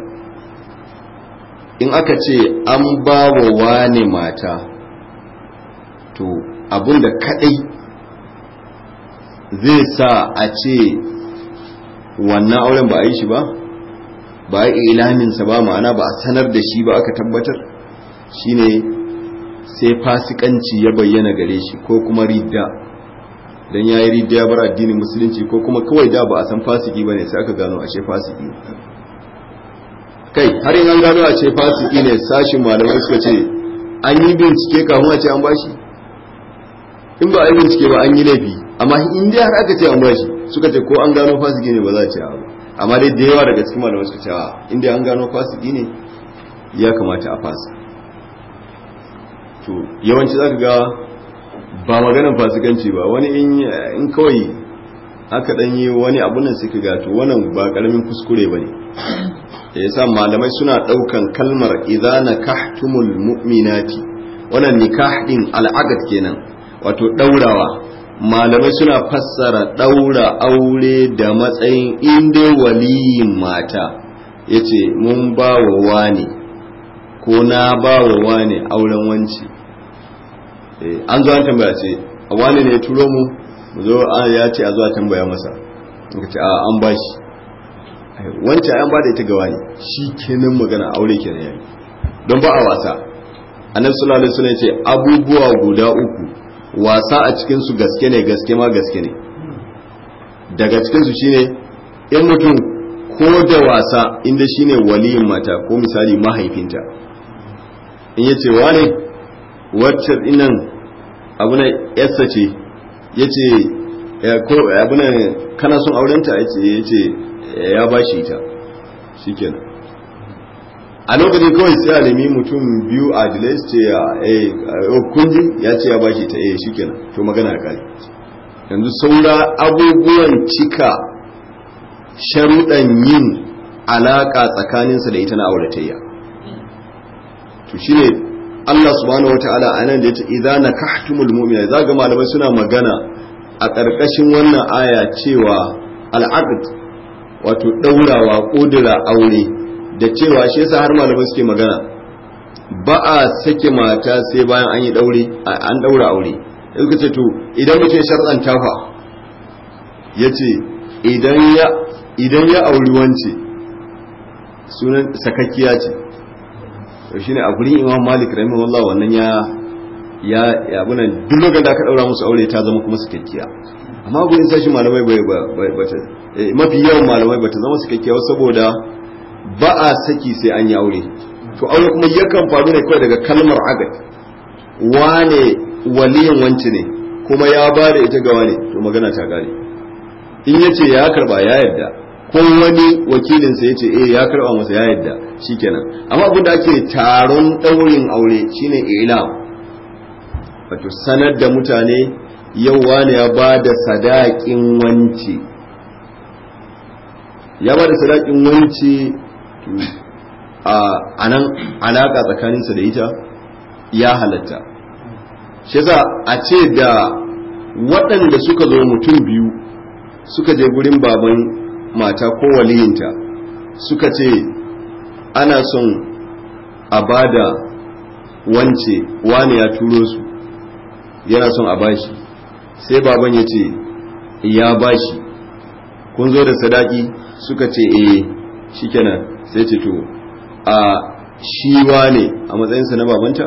in aka ce an ba wa wane mata to abinda kadai zai sa a ce wannan auren ba a yi shi ba ba a yi sa ba ma'ana ba a sanar da shi ba aka tabbatar shine sai fasikanci ya bayyana gare shi ko kuma ridda dan yi ridda ya bar addinin musulunci ko kuma kawai da ba a san fasiki ne sai aka gano ashe fasiki kai har yin an gano a ce fasiki ne sashin malamai suka ce an yi bincike kafin a ce an bashi in ba a yi bincike ba an yi laifi amma in dai har aka ce an bashi suka ce ko an gano fasiki ne ba za a ce ba amma dai da yawa daga cikin malamai suka ce in dai an gano fasiki ne ya kamata a fasa to yawanci zaka ga ba maganar fasikanci ba wani in kawai aka dan yi wani abun nan sai ga to wannan ba karamin kuskure bane da yasa malamai suna daukan kalmar izana kahtumul mu'minati wannan nikah din kenan wato daurawa malamai suna fassara daura aure da matsayin inda waliyin mata yace mun ba wa wani ko na ba wa wani auren wanci Eh, an zo an tambaya ce wani ne ya turo mu mu zo ah, ya ce a zo a tambaya masa ka ce a ah, an ba shi eh, wancan an ba da ita gawa ne shi kenan magana aure kenan yayi don ba a wasa annabi sallallahu alaihi wasallam ya ce abubuwa guda uku wasa a cikin su gaske ne gaske ma gaske ne daga cikin su shine in mutum ko da wasa inda shine waliyin mata ko misali mahaifinta in yace wane wacce dinan abuna yasa ce yace eh, ko abuna kana son aurenta yace yace eh, ya bashi ita shikenan a lokacin kawai sai a nemi mutum biyu a dilais ce ya ah, eh, oh, kunji ya ce ya bashi ta shi kenan to magana ya kare yanzu saura abubuwan cika sharuɗan yin alaƙa tsakaninsa da ita na auratayya to shi ne. Allah subhanahu wataala anan da yace idza nakahtumul mu'mina ga malamai suna magana a ƙarƙashin wannan aya cewa al'aqd wato daurawa kodira aure da cewa shi yasa har malamai suke magana ba a sake mata sai bayan an yi daure an daura aure suka ce to idan muke sharɗan tafa yace idan ya idan ya auri wance sunan sakakkiya ce shi ne a gurin imam malik rahimahullah wannan ya ya abunan duk lokacin da aka daura musu aure ta zama kuma su sikakkiya amma gurin sashi malamai bai ba ta eh, mafi yawan malamai bata zama zama sikakkiya saboda ba a saki sai an yi aure to aure kuma yakan faru ne kawai daga kalmar agad wane waliyin wanci ne kuma ya ba da ita ga wane to magana ta gare. in yace ya karba ya yarda ko wani wakilinsa yace eh ya karba masa ya yarda shikenan amma abin da ake taron daurin aure shine ilam wato sanar da mutane yau wani ya ba da sadakin wanci ya ba da sadakin wanci a nan alaka tsakaninsa da ita ya halatta shi a ce da waɗanda suka zo mutum biyu suka je gurin baban mata ko waliyinta suka ce ana son a bada wance wane ya turo su yana son a bashi sai baban ya ce ya bashi kun zo da sadaki suka ce eh shikenan sai ce to a shi wane a matsayinsa na babanta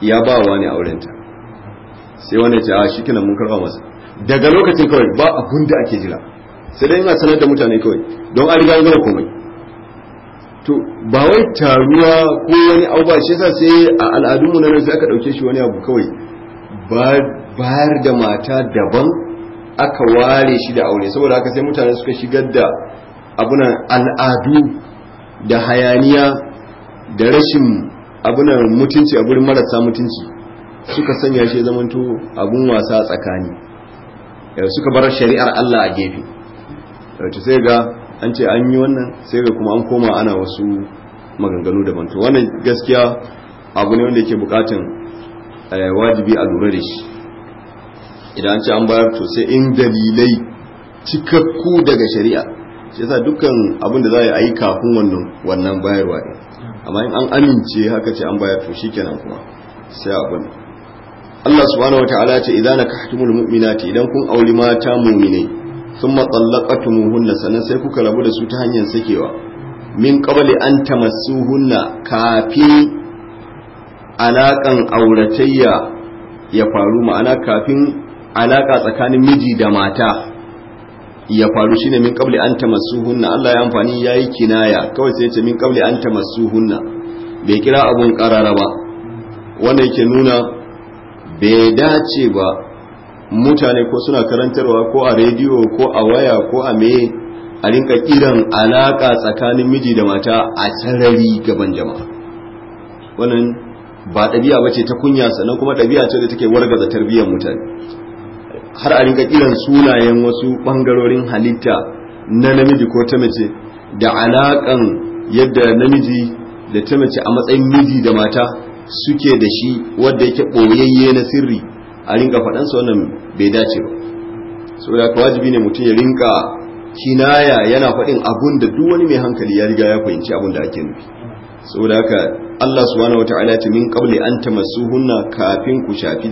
ya ba wane aurenta sai wani ce a shikenan mun karba masa daga lokacin kawai ba abun da ake jira sai dai ina sanar da mutane kawai don an riga gama komai to ba wai taruwa ko wani abu ba shi yasa sai a al'adunmu na sai aka ɗauke shi wani abu kawai bayar da mata daban aka ware shi da aure saboda haka sai mutane suka shigar da abunan al'adu da hayaniya da rashin abunan mutunci a gurin marasa mutunci suka sanya shi zamanto abun wasa tsakani suka bar shari'ar Allah a gefe sai ga an ce an yi wannan sai ga kuma an koma ana wasu maganganu daban to wannan gaskiya abu ne wanda yake bukatan eh, wajibi a lura da shi idan an ce an bayar to sai in dalilai cikakku daga shari'a shi yasa dukkan abin da za a yi kafin wannan wannan bayarwa ne amma in an amince haka ce an bayar to shikenan kuma sai abin Allah subhanahu wa ta'ala ce idan nakahtumul mu'minati idan kun auri mata mu'minai sun tumuhunna sannan sai kuka rabu da su ta hanyar sakewa min kabali an tamassuhunna kafin alaƙan auratayya ya faru ma'ana kafin alaƙa tsakanin miji da mata ya faru shine min kabli an tamassuhunna Allah ya amfani yayi kinaya kawai sai ta ce min kabli an tamassuhunna bai kira abun karara ba wanda yake nuna bai dace ba mutane ko suna karantarwa ko a rediyo ko a waya ko a me a rinka kiran alaka tsakanin miji da mata a sarari gaban jama'a wannan ba ɗabi'a bace ta kunya sannan kuma ɗabi'a ce da take wargaza tarbiyyar mutane har a rinka kiran sunayen wasu ɓangarorin halitta na namiji ko ta mace da alakan yadda namiji da ta mace a matsayin miji da mata suke da shi wadda yake ɓoyayye na sirri a rinka faɗansa wannan bai dace ba saboda ka wajibi ne mutum ya rinka kinaya yana faɗin abun da duk wani mai hankali ya riga ya fahimci abun da ake nufi da haka Allah subhanahu wataala ya ta min qabli an tamassuhunna kafin ku shafi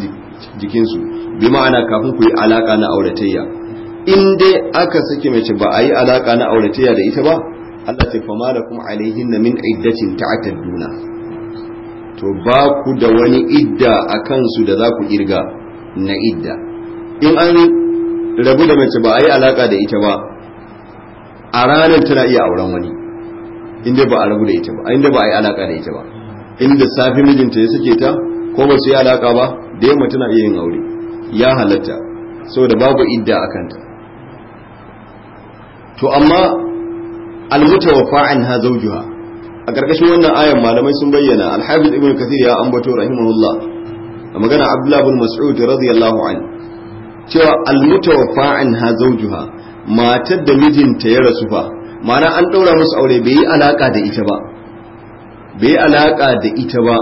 jikinsu bi ma'ana kafin ku yi alaka na auratayya in dai aka sake mace ba a yi alaka na auratayya da ita ba Allah ta fama da kuma na min ta'atar duna to ba ku da wani idda a kansu da za ku kirga na idda in an rabu da mace ba a yi alaka da ita ba a ranar tana iya auren wani inda ba a rabu da ita ba inda ba a yi alaka da ita ba inda safi mijinta ya suke ta ko ba su yi alaka ba da yamma tana iya yin aure ya halatta saboda babu idda a kanta to amma wa fa'in ha zawjuha a ƙarƙashin wannan ayan malamai sun bayyana alhafiz ibn kathir ya ambato rahimahullah a magana abdullahi bin mas'ud radiyallahu an cewa almutawaffa ha zawjuha matar da mijinta ya rasu fa ma'ana an daura musu aure bai yi alaka da ita ba bai alaka da ita ba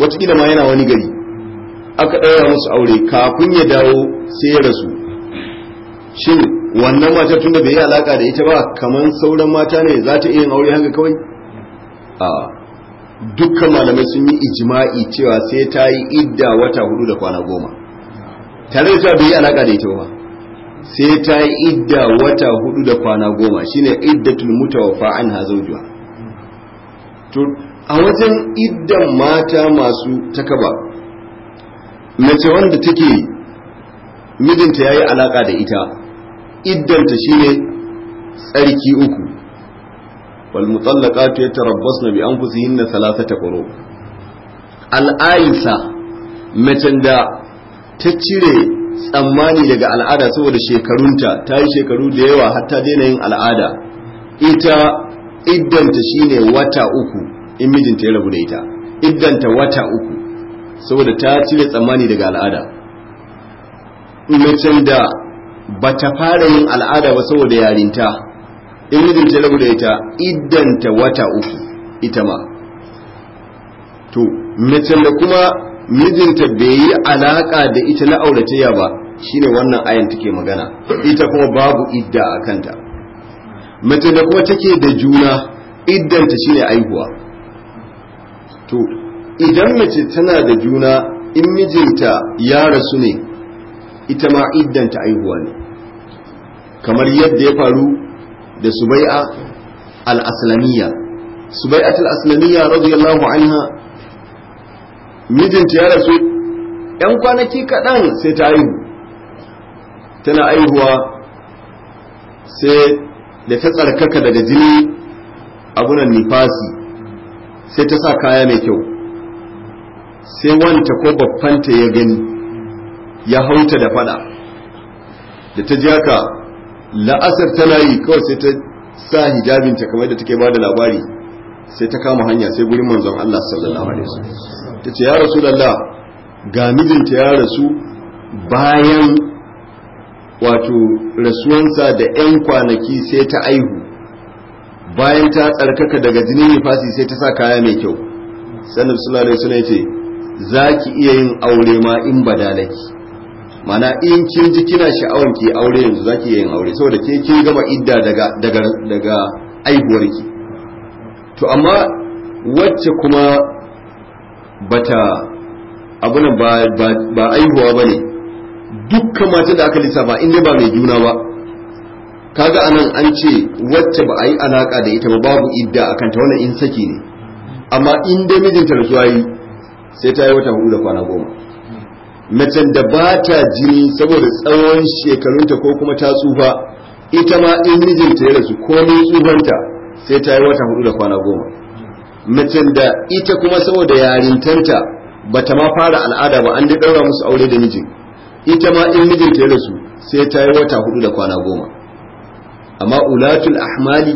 wataƙila ma yana wani gari aka daura musu aure kafin ya dawo sai ya rasu shin wannan matar tunda bai yi alaka da ita ba kaman sauran mata ne za ta iya aure haka kawai A'a. dukkan malamai sun yi ijima'i cewa sai ta yi idda wata hudu da kwana goma tare da bai yi alaka da ita ba sai ta yi idda wata hudu da kwana goma shine idda iddatul mutawaffa an hazaujuwa to a wajen iddan mata masu takaba mace wanda take mijinta yayi alaka da ita iddanta shine tsarki uku wal mutallaqatu yatarabbasna bi anfusihinna salasa quru al'aisa macen da ta cire tsammani daga al'ada saboda shekarunta ta yi shekaru da yawa har ta daina yin al'ada ita iddanta shine wata uku in mijinta ya rabu da ita iddanta wata uku saboda ta cire tsammani daga al'ada macen da bata fara yin al'ada ba saboda yarinta in mijinta ya ita iddanta wata uku ita ma to mace da kuma mijinta bai yi alaka da ita na auratayya ba shine wannan ayan take magana ita kuma babu idda a kanta mace da kuma take da juna iddanta shine aihuwa to idan mace tana da juna in mijinta ya rasu ne ita ma iddanta aihuwa ne kamar yadda ya faru da subai'a al-aslamiyya subai'a al-aslamiyya radiyallahu anha mijinta ya rasu yan kwanaki kaɗan sai ta aihu tana aihuwa sai da ta tsarkaka daga jini abunan nifasi sai ta sa kaya mai kyau sai wanta ko babbanta ya gani ya hauta da fada da ta haka. la'asar tana yi kawai sai ta sa hijabin ta kamar da take da labari sai ta kama hanya sai gurin manzon Allah sallallahu alaihi wasallam tace ya rasulullah ga mijinta ya rasu bayan wato rasuwansa da 'yan kwanaki sai ta aihu bayan ta tsarkaka daga jinin nifasi sai ta sa kaya mai kyau sannan sallallahu alaihi wasallam yace za ki iya yin aure ma in badalaki mana in kin ji kina sha'awar ki aure yanzu zaki yin aure saboda ke kin gama idda daga daga daga aihuwar ki to amma wacce kuma bata abuna ba ba aihuwa bane dukkan mata da aka lissafa in ba mai juna ba kaga anan an ce wacce ba a yi alaka da ita ba babu idda akan ta wannan in saki ne amma in dai mijinta da yi sai ta yi wata hudu da kwana goma macen da ba ta jini saboda tsawon shekarunta ko kuma ta tsufa ita ma in mijinta ya rasu ko mai tsufanta sai ta yi wata hudu da kwana goma macen da ita kuma saboda yarintanta ba ta ma fara al'ada ba an daɗaura musu aure da mijin ita ma in mijinta ya rasu sai ta yi wata hudu da kwana goma amma ulatul ahmali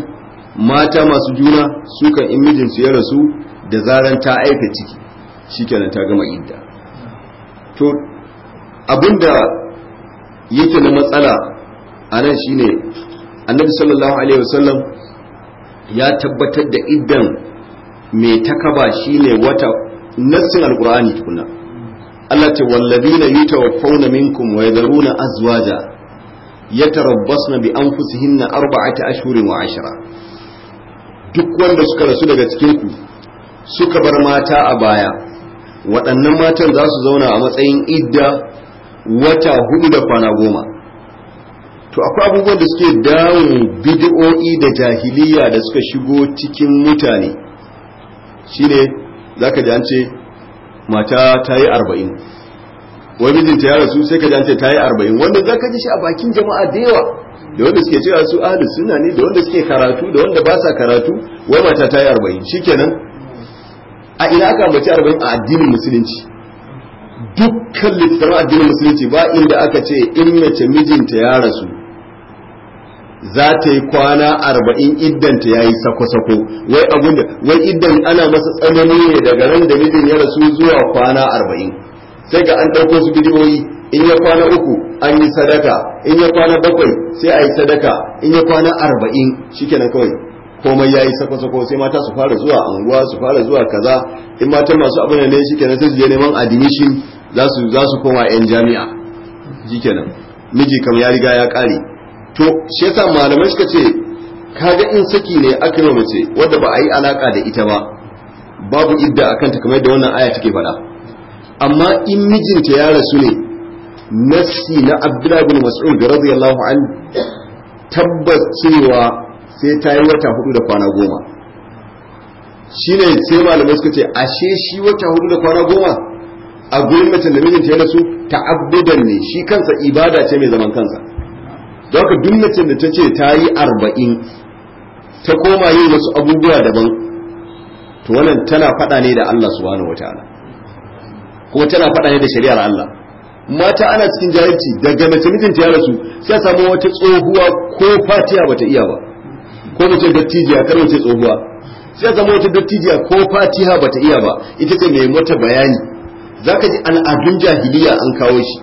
mata masu juna sukan in mijinsu ya rasu da zaran ta aika ciki shi shikenan ta gama idda to abinda yake na matsala a nan shine annabi sallallahu alaihi wasallam ya tabbatar da idan mai takaba shine wata nassin alkur'ani tukuna Allah ce wallazina yutawaffawna minkum wa yadharuna azwaja yatarabbasna bi anfusihinna arba'ata ashhurin wa ashira. duk wanda suka rasu daga cikin ku suka bar mata a baya waɗannan matan za su zauna a matsayin idda wata hudu da kwana goma to akwai abubuwan da suke dawon bid'o'i da jahiliya da suka shigo cikin mutane shine za ka jance an ce mata ta yi arba'in wai mijinta ya rasu sai ka jance ta yi arba'in wanda za ka ji shi a bakin jama'a da yawa da wanda suke cewa su ahalus suna ne da wanda suke karatu da wanda ba sa karatu wai mata ta yi arba'in shikenan a ina aka ambaci arba'in a addinin musulunci dukkan littattafan addinin musulunci ba inda aka ce in mace mijinta ya rasu za ta yi kwana arba'in iddanta ya yi sako-sako wai da wai iddan ana masa tsanani ne daga ran da mijin ya rasu zuwa kwana arba'in sai ga an ɗauko su bidiyoyi in ya kwana uku an yi sadaka in ya kwana bakwai sai a yi sadaka in ya kwana arba'in kenan kawai komai ya yi sako sako sai mata su fara zuwa anguwa su fara zuwa kaza in mata masu abin ne kenan sai su je neman admission za su za su koma yan jami'a kenan. miji kam ya riga ya kare to shi yasa malamai suka ce kaga in saki ne aka yi mace wadda ba a yi alaka da ita ba babu idda akan ta kamar yadda wannan aya take faɗa amma in mijinta ya rasu ne nafsi na abdullahi bin mas'ud radiyallahu an tabbas sai ta yi wata hudu da kwana goma shi ne sai malamai suka ce ashe shi wata hudu da kwana goma a gurin mace da mijinta ya rasu ta'abbudan ne shi kansa ibada ce mai zaman kansa don haka duk mace da ta ce ta yi arba'in ta koma yin wasu abubuwa daban to wannan tana faɗa ne da Allah subhanahu wataala kuma tana faɗa ne da shari'ar Allah mata ana cikin jahilci daga mace mijinta ya rasu sai samu wata tsohuwa ko fatiya bata iya ba ko mu ce dattijiya kar mu ce tsohuwa sai zama wata dattijiya ko fatiha bata iya ba ita ce mai mata bayani zaka ji al'adun jahiliya an kawo shi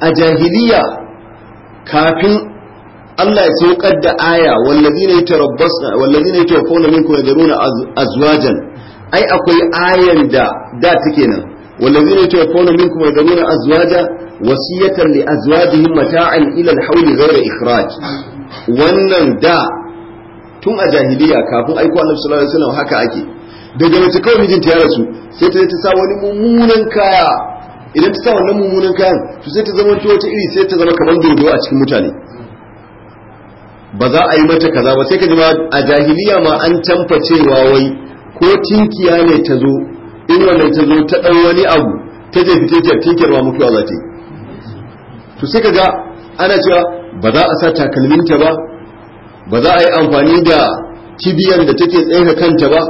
a jahiliya kafin Allah ya saukar da aya wallazina yatarabbasna wallazina yatawaffawna minkum yadruna azwajan ai akwai ayan da da take nan wallazina yatawaffawna minkum yadruna azwaja wasiyatan li azwajihim mata'an ila al-hawli ghayra ikhraj wannan da tun a jahiliya kafin aiko annabi sallallahu alaihi wasallam haka ake daga mace kawai mijinta ya rasu sai ta ta sa wani mummunan kaya idan ta sa wannan mummunan kayan to sai ta zama wata iri sai ta zama kamar dodo a cikin mutane ba za a yi mata kaza ba sai ka ji a jahiliya ma an canfa cewa wai ko tinkiya ne ta zo in wannan ta zo ta ɗan wani abu ta je ta tinkiyar ma mutuwa za ta yi to sai ka ga ana cewa ba za a sa takalmin ta ba ba za a yi amfani da kibiyar da take tsaye kanta ba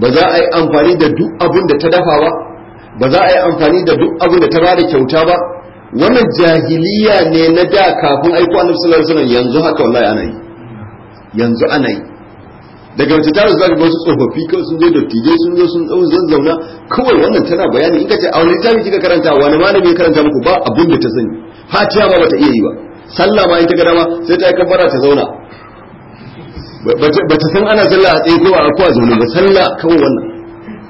ba za a yi amfani da duk abin da ta dafa ba ba za a yi amfani da duk abin da ta bada kyauta ba wannan jahiliya ne na da kafin aiko a sallallahu alaihi wasallam yanzu haka wallahi ana yi yanzu ana yi daga mace ta zuwa ga wasu tsofaffi kawai sun je dattijai sun zo sun tsawon zan zauna kawai wannan tana bayani in ka ce a wani littafi kika karanta wani malami ya karanta muku ba abin da ta sani ta ba ta iya yi ba sallah ma in ta ga dama sai ta yi kabbara ta zauna ba ta san ana sallah a tsaye ko a ko a zaune ba sallah kawai wannan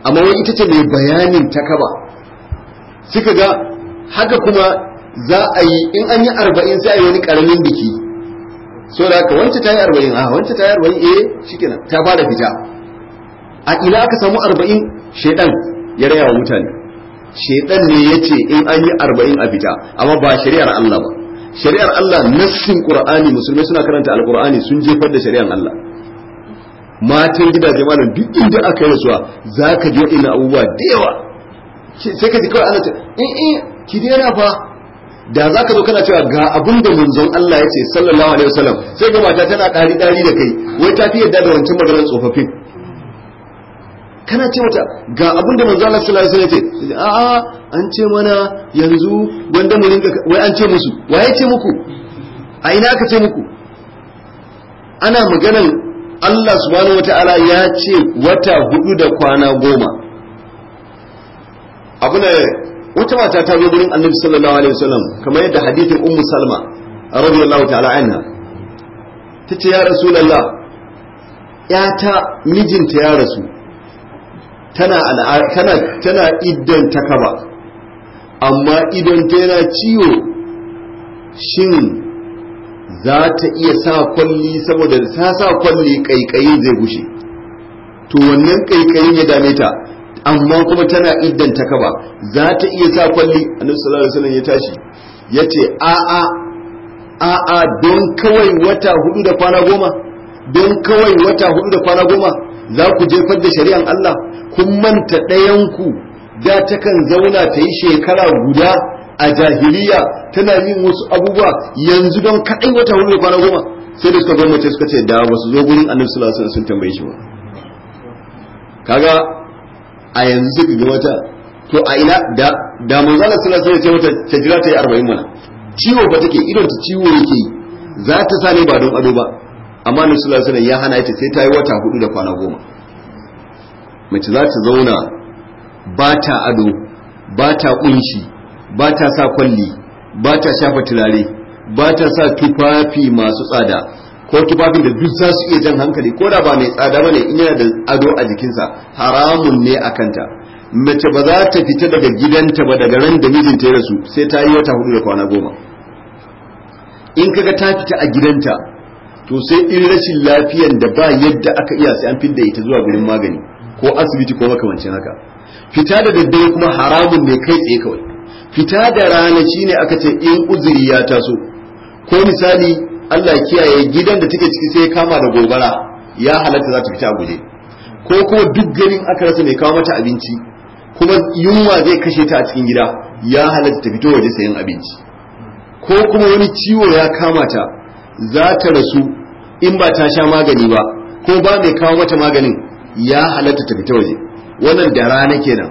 amma wani ita ce mai bayanin ta kaba suka ga haka kuma za a yi in an yi arba'in sai a yi wani karamin biki so da haka wancan ta yi arba'in a ah, wancan ta yi arba'in eh shikenan ta fara fita a ina aka samu arba'in shaidan ya raya wa mutane shaidan ne ya ce in an yi arba'in a fita amma ba shari'ar Allah ba shari'ar Allah nassin Qur'ani musulmai suna karanta alqur'ani sun jefar da shari'ar Allah matan gidaje malam duk inda aka yi rasuwa zaka ji wa'ina abubuwa da yawa sai ka ji kawai ana ce in eh, in eh, ki daina fa da zaka zo kana cewa ga abin da manzon Allah ya ce sallallahu alaihi wasallam sai ga mata tana dari dari da kai wai ta fi yadda da wancan maganar tsofaffin kana ce mata ga abin da manzo Allah sallallahu alaihi wasallam ya ce a an ce mana yanzu wanda mu rinka wai an ce musu waye ce muku a ina aka ce muku ana maganan Allah subhanahu wataala ya ce wata hudu da kwana goma abu ne wata mata ta zo gurin annabi sallallahu alaihi wasallam kamar yadda hadithin ummu salma radiyallahu ta'ala anha tace ya rasulullah ta mijinta ya rasu tana idan ta kaba amma idan ta yana ciwo shin za ta iya sa kwalli saboda ta sa kwalli kaikayi zai gushe to wannan kaikayin ya dame ta amma kuma tana idan ta kaba za ta iya sa kwalli a sallallahu sunan ya tashi yace a a'a a a don kawai wata hudu da kwana goma don kawai wata hudu da kwana goma za ku jefar da shari'an Allah kun manta ɗayanku da kan zauna ta yi shekara guda a jahiliya tana yin wasu abubuwa yanzu don kaɗai wata hudu kwana goma sai da suka gwamnati suka ce da wasu zo gurin annabi sallallahu alaihi sun tambaye shi ba kaga a yanzu suka ga wata to a ina da da manzo Allah sallallahu alaihi wasallam ya ce wata ta jira ta yi 40 mana ciwo ba take idan ta ciwo yake yi za ta sani ba don ado ba amma nusula sallallahu alaihi wasallam ya hana ta sai ta yi wata hudu da kwana goma mace za ta zauna ba ta ado ba ta kunshi ba ta sa kwalli ba ta shafa turare ba ta sa tufafi masu tsada ko tufafin da duk za su iya jan hankali ko da ba mai tsada bane in yana da ado a jikinsa haramun ne a kanta mace ba za ta fita daga gidanta ba daga ran da mijinta ya rasu sai ta yi wata hudu da kwana goma in kaga ta fita a gidanta to sai in rashin lafiyan da ba yadda aka iya sai an fidda ita zuwa gurin magani ko asibiti ko makamancin haka fita da daddare kuma haramun ne kai tsaye kawai fita da rana shine aka ce in uzuri ya taso ko misali Allah kiyaye gidan da take ciki sai ya kama da gobara ya halatta za ta fita a guje ko kuma duk ganin aka rasa mai kawo mata abinci kuma yunwa zai kashe ta a cikin gida ya halatta ta fito waje sayan abinci ko kuma wani ciwo ya kama ta za ta rasu in ba ta sha magani ba ko ba mai kawo mata maganin ya halatta ta fita waje wannan da rana kenan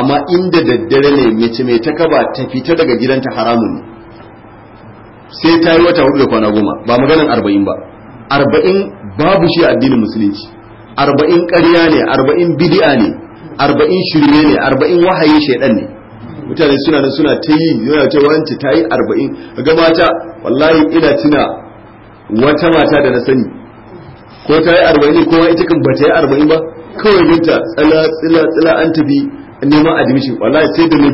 amma inda daddare ne mace mai ta kaba ta fita daga gidanta haramun ne sai ta yi wata hudu da kwana goma ba maganin arba'in ba arba'in babu shi addinin musulunci arba'in ƙarya ne arba'in bidi'a ne arba'in shirme ne arba'in wahayi shaidan ne mutane suna nan suna ta yi yana ta ta yi arba'in ga mata wallahi ina tuna wata mata da na sani ko ta yi arba'in ko ita kan ba ta yi arba'in ba kawai ginta tsala tsala tsala an tafi neman admission wallahi sai da na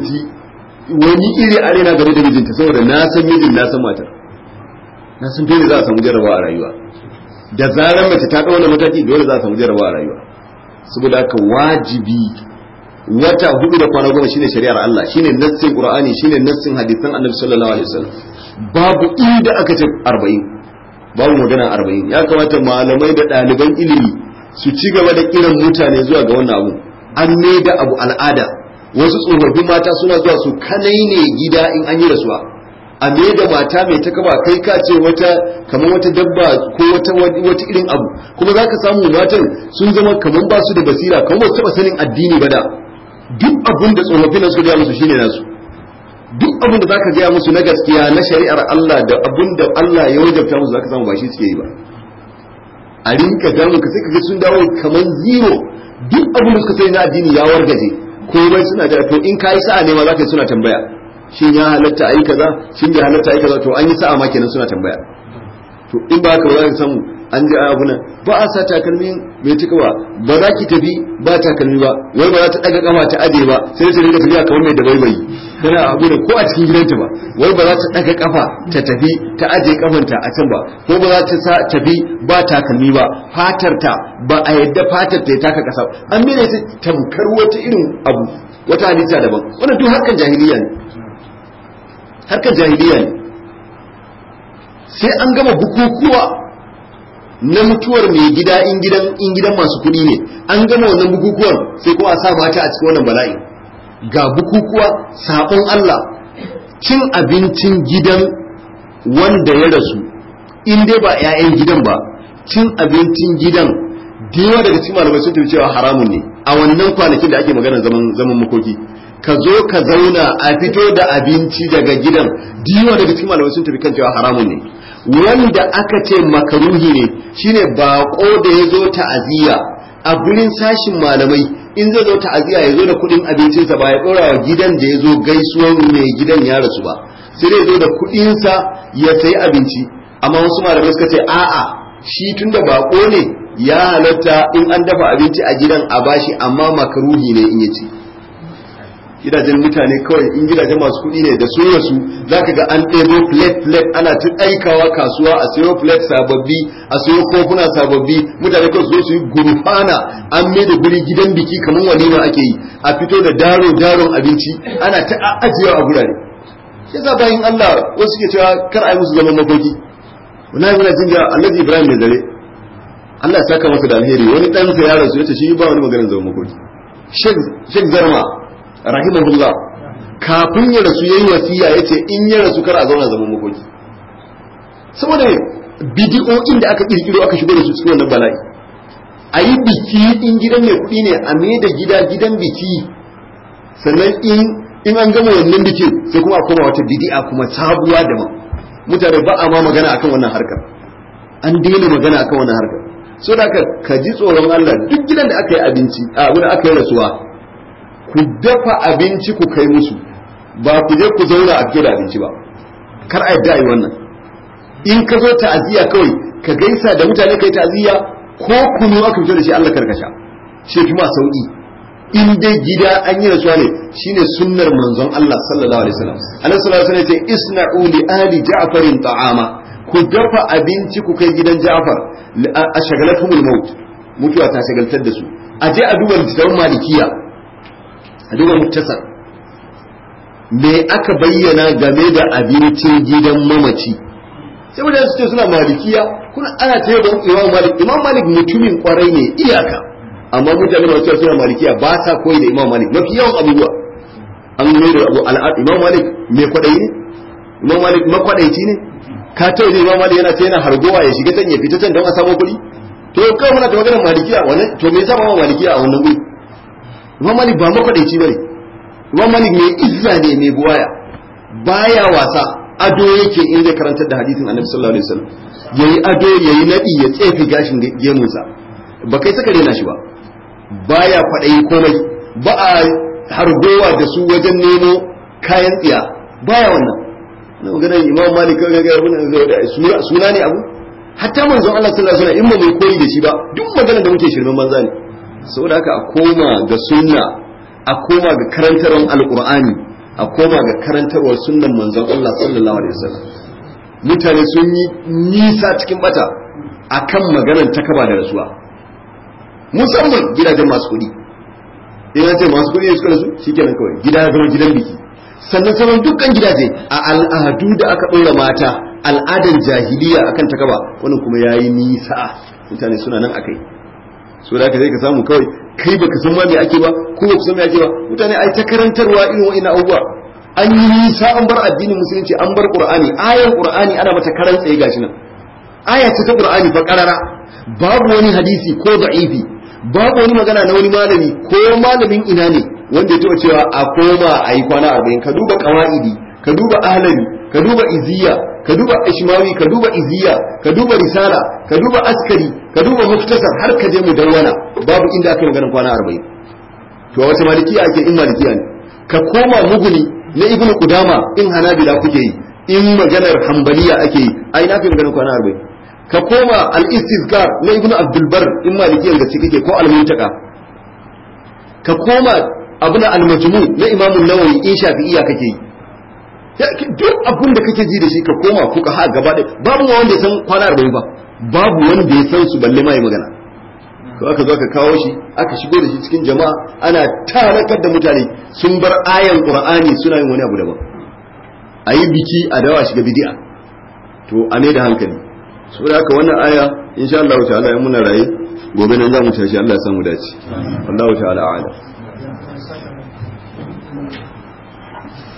wani iri a rena gari da mijinta saboda na san mijin na san matar na san dole za a samu jarabawa a rayuwa da zarar mace ta ɗaura mataki dole za a samu jarabawa a rayuwa saboda haka wajibi wata hudu da kwana goma shine shari'ar Allah shine nassin Qur'ani shine nassin hadisan Annabi sallallahu alaihi wasallam babu inda aka ce 40 babu magana arba'in ya kamata malamai da ɗaliban ilimi su ci gaba da kiran mutane zuwa ga wannan abu an ne da abu al'ada wasu tsofaffin mata suna zuwa su kanai ne gida in an yi rasuwa a me mata mai ta kaba kai ka ce wata kamar wata dabba ko wata irin abu kuma za ka samu matan sun zama kamar ba su da basira kamar ba su taɓa sanin addini ba da duk abin da tsofaffin suka gaya musu shine nasu duk abin da zaka gaya musu na gaskiya na shari'ar Allah da abin da Allah ya wajabta musu zaka samu ba shi suke yi ba a rinka damu ka sai ka ga sun dawo kamar zero duk abin da suka sai na addini ya wargaje komai suna da to in kai sa'a ne ma zaka suna tambaya shin ya halatta ayi kaza shin ya halatta ayi kaza to an yi sa'a ma kenan suna tambaya to in ba ka ba za samu an ji abuna ba a sa takalmi mai tukawa ba za ki tafi ba takalmi ba wai ba za ta daga kafa ta aje ba sai ta rika tafiya kamar mai da bai kana abu da ko a cikin gidanta ba wai ba za ta daga kafa ta tafi ta aje kafanta a can ba ko ba za ta sa tafi ba takalmi ba fatarta ba a yadda fatar ta taka kasa an mene ta tamkar wata irin abu wata hadisa daban wannan duk harkar jahiliya ne harkar jahiliya ne sai an gama bukukuwa na mutuwar mai gida in gidan masu kuɗi ne an gama wannan bukukuwan sai kuma a sa mata a cikin wannan bala'i ga bukukuwa sabon Allah cin abincin gidan wanda ya rasu in dai ba 'ya'yan gidan ba cin abincin gidan diwa daga cikin malamai sun tafi cewa haramun ne a wannan kwanakin da ake magana zaman makoki ka zo ka zauna a fito da abinci daga gidan diwa daga cikin malamai sun tafi kan cewa haramun ne wanda aka ce makaruhi ne shine bako da ya zo ta'aziyya a gurin sashin malamai in zai zo ta'aziyya ya zo da kuɗin abincinsa ba ya ɗora wa gidan da ya zo gaisuwar mai gidan ya rasu ba sai dai zo da kuɗinsa ya sayi abinci amma wasu malamai suka ce a'a shi tunda bako ne ya halatta in an dafa abinci a gidan a bashi amma makaruhi ne in ya ci gidajen mutane kawai in gidajen masu kuɗi ne da sun za zaka ga an ɗebo plate plate ana ta aikawa kasuwa a sayo plate sababbi a sayo kofuna sababbi mutane kawai su su yi gurfana an mai da guri gidan biki kamar walima ake yi a fito da daro daron abinci ana ta ajiyewa a gurare yasa bayan Allah wasu suke cewa kar a yi musu zaman makoki wallahi muna jin Allah Ibrahim da dare Allah ya saka masa da alheri wani dan ya rasu ce shi ba wani maganar zaman makoki Sheikh Zarma rahimahullah kafin ya rasu yayin wasiya yace in ya rasu kar a zauna zaman makoki saboda bidiyo da aka kirkiro aka shigo da su cikin wannan bala'i ayi biki in gidan mai kuɗi ne a me da gida gidan biki sannan in in an gama wannan bikin sai kuma a koma wata bidi'a kuma sabuwa ma mutane ba a ma magana akan wannan harkar an daina magana akan wannan harkar so da ka ji tsoron Allah duk gidan da aka yi abinci a wurin aka yi rasuwa ku dafa abinci ku kai musu ba ku je ku zauna a fito da abinci ba kar a yadda yi wannan in ka zo ta'aziyya kawai ka gaisa da mutane kai ta'aziyya ko kunu aka fito da shi Allah karkasha shi fi ma sauki in dai gida an yi rasuwa ne shine sunnar manzon Allah sallallahu alaihi wasallam Allah sallallahu alaihi wasallam ya ce isna'u li ali ja'farin ta'ama ku dafa abinci ku kai gidan ja'far a shagalatumul maut mutuwa ta shagaltar da su a je a duba littattafan malikiya a duba muktasar me aka bayyana game da abincin gidan mamaci sai mutane su ce suna malikiya kuna ana ta yaba imam malik imam malik mutumin kwarai ne iyaka amma mutane ba su suna malikiya ba sa koyi da imam malik mafi yawan abubuwa an yi da abu al'ad imam malik mai kwadai ne imam malik makwadaici ne ka ta yi imam malik yana ta yana hargowa ya shiga can ya fita can don a samu kuɗi to kawai muna ta maganar malikiya wannan to me yasa ba malikiya a wannan guri imam malik ba makwadaici bane imam malik mai izza ne mai buwaya baya wasa ado yake in zai karantar da hadisin annabi sallallahu alaihi wasallam yayi ado yayi nadi ya tsefi gashin gemunsa ba kai saka rena shi ba baya kwadayi komai ba a hargowa da su wajen nemo kayan tsiya baya wannan na maganar imam malik kawai ga abin suna ne abu hatta manzon Allah sallallahu alaihi wasallam in ba mai koyi da shi ba duk maganar da muke shirman manzani ne saboda haka a koma ga sunna a koma ga karantarwar alkur'ani a koma ga karantarwar sunnan manzon Allah sallallahu alaihi wasallam mutane sun yi nisa cikin bata akan maganar takaba da rasuwa musamman gidajen masu kuɗi ina ce masu kuɗi suka ke shikenan kawai gida ya gidan biki sannan sanan dukkan gidaje a al'adu da aka ɗora mata al'adan jahiliya akan takaba wannan kuma yayi nisa mutane suna nan akai so da zai ka samu kawai kai baka san ma me ake ba ko baka san me ake ba mutane ai ta karantarwa irin wa'ina abubuwa an yi nisa an bar addinin musulunci an bar qur'ani ayar qur'ani ana mata karan tsaye gashi nan aya ce ta qur'ani fa karara babu wani hadisi ko da'ifi babu wani magana na wani malami ko malamin ina ne wanda ya taba cewa a koma a yi kwana arba'in ka duba kawa'idi ka duba ahlali ka duba iziya ka duba ishmawi ka duba iziya ka duba risala ka duba askari ka duba muftasar har ka je mu dawwana babu inda aka maganin kwana arba'in to wace malikiya ake in malikiya ne ka koma muguni na ibn qudama in hanabila kuke yi in maganar hanbaliya ake yi ai na kai maganin kwana arba'in ka koma al-istizkar na ibn abdul bar in malikiyan gaske kake ko al-muntaka ka koma abuna al-majmu na imamu nawawi in shafi'iyya kake yi duk abun da kake ji da shi ka koma fuka ha gaba ɗaya babu wanda ya san kwana arba'in ba babu wanda ya san su balle ma ya magana to aka zo aka kawo shi aka shigo da shi cikin jama'a ana tarakar da mutane sun bar ayan qur'ani suna yin wani abu daban a yi biki a dawa shiga bidi'a to a da hankali saboda haka wannan aya insha Allah ta'ala in muna raye gobe nan za mu tashi Allah ya samu dace Allah ta'ala a'lam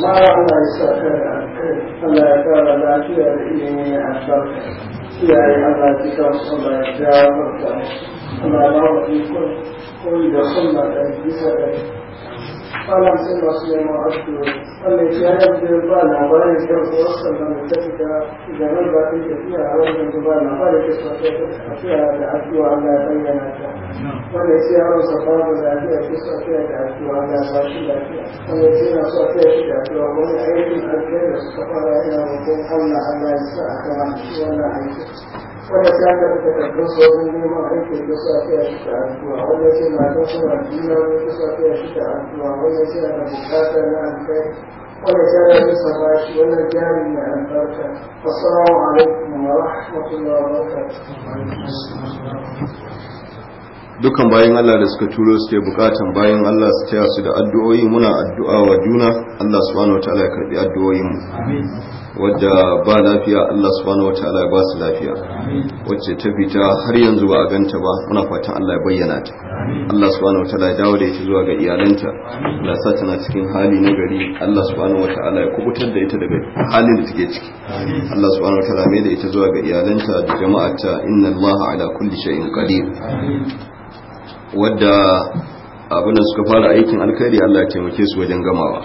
mara sakara Allah ya kara lafiya da ilimi a sarka iyaye Allah ji kan Allah ya jawo Allah ba mu ikon koyi da sunna da bisa da قال مسلم وسلم وعبده التي يبدو البالة ولا يجب وصل من التفت إذا نبع تلك فيها ولد البالة ولا تستطيع فيها تعدو على بيناتها وليس يرى صفات العدية تستطيع تعفو على باشلة وليس يرى صفات تعدو ومن أيضا الكلمة استقر إلى وقوم قلنا على الساعة ولا عيسى wanda ta ga da takardun sauran neman aiki da sa ta yashi ta antuwa wanda ce sai matan suna juna wanda sa ta yashi ta antuwa wanda ce ana bukata na alkai wanda ta ga nisa bashi wanda jari na albarka assalamu alaikum wa rahmatullahi wa barakatuh dukan bayan Allah da suka turo su ke bukatan bayan Allah su taya su da addu'o'i muna addu'a wa juna Allah subhanahu wa ta'ala ya karbi addu'o'in mu wadda ba lafiya Allah subhanahu wataala ya ba su lafiya wacce ta fita har yanzu ba a ganta ba muna fatan Allah ya bayyana ta Allah subhanahu wataala ya dawo da ita zuwa ga iyalanta Allah sa tana cikin hali na gari Allah subhanahu wataala ya kubutar da ita daga halin da take ciki Allah subhanahu wataala mai da ita zuwa ga iyalanta da jama'ata, inna Allah ala kulli shay'in qadir wadda abin da suka fara aikin alkhairi Allah ya taimake su wajen gamawa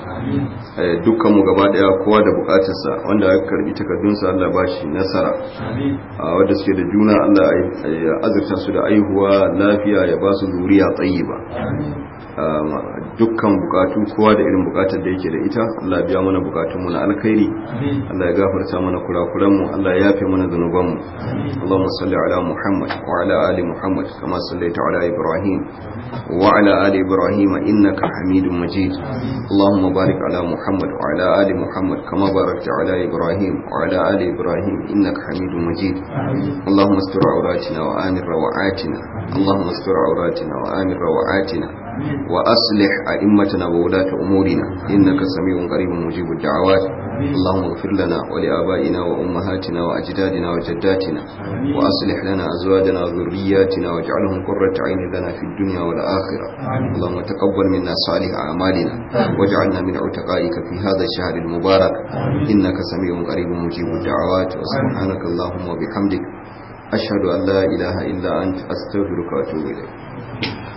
eh, dukkan mu gaba daya kowa da bukatarsa wanda aka karbi takardunsa Allah ba shi nasara wanda suke da juna Allah ya azurta su da aihuwa lafiya ya ba su zuriya tsayi ba Um, dukkan bukatu kowa da irin bukatar da yake da ita Allah biya mana bukatun mu na alkhairi Allah ya gafarta mana kurakuran mu Allah ya yafe mana zanuban mu Allahumma salli ala Muhammad wa ala ali Muhammad kama sallaita ala Ibrahim wa ala ali Ibrahim innaka Hamidum Majid Allahumma barik ala Muhammad wa ala ali Muhammad kama barakta ala Ibrahim wa ala ali Ibrahim innaka Hamidum Majid Allahumma astur awratina wa amir rawatina Allahumma astur auratina wa amir rawatina وأصلح أئمتنا وولاة أمورنا إنك سميع قريب مجيب الدعوات اللهم اغفر لنا ولآبائنا وأمهاتنا وأجدادنا وجداتنا وأصلح لنا أزواجنا وذرياتنا واجعلهم قرة عين لنا في الدنيا والآخرة اللهم تقبل منا صالح أعمالنا واجعلنا من عتقائك في هذا الشهر المبارك إنك سميع قريب مجيب الدعوات وسبحانك اللهم وبحمدك أشهد أن لا إله إلا أنت أستغفرك وأتوب إليك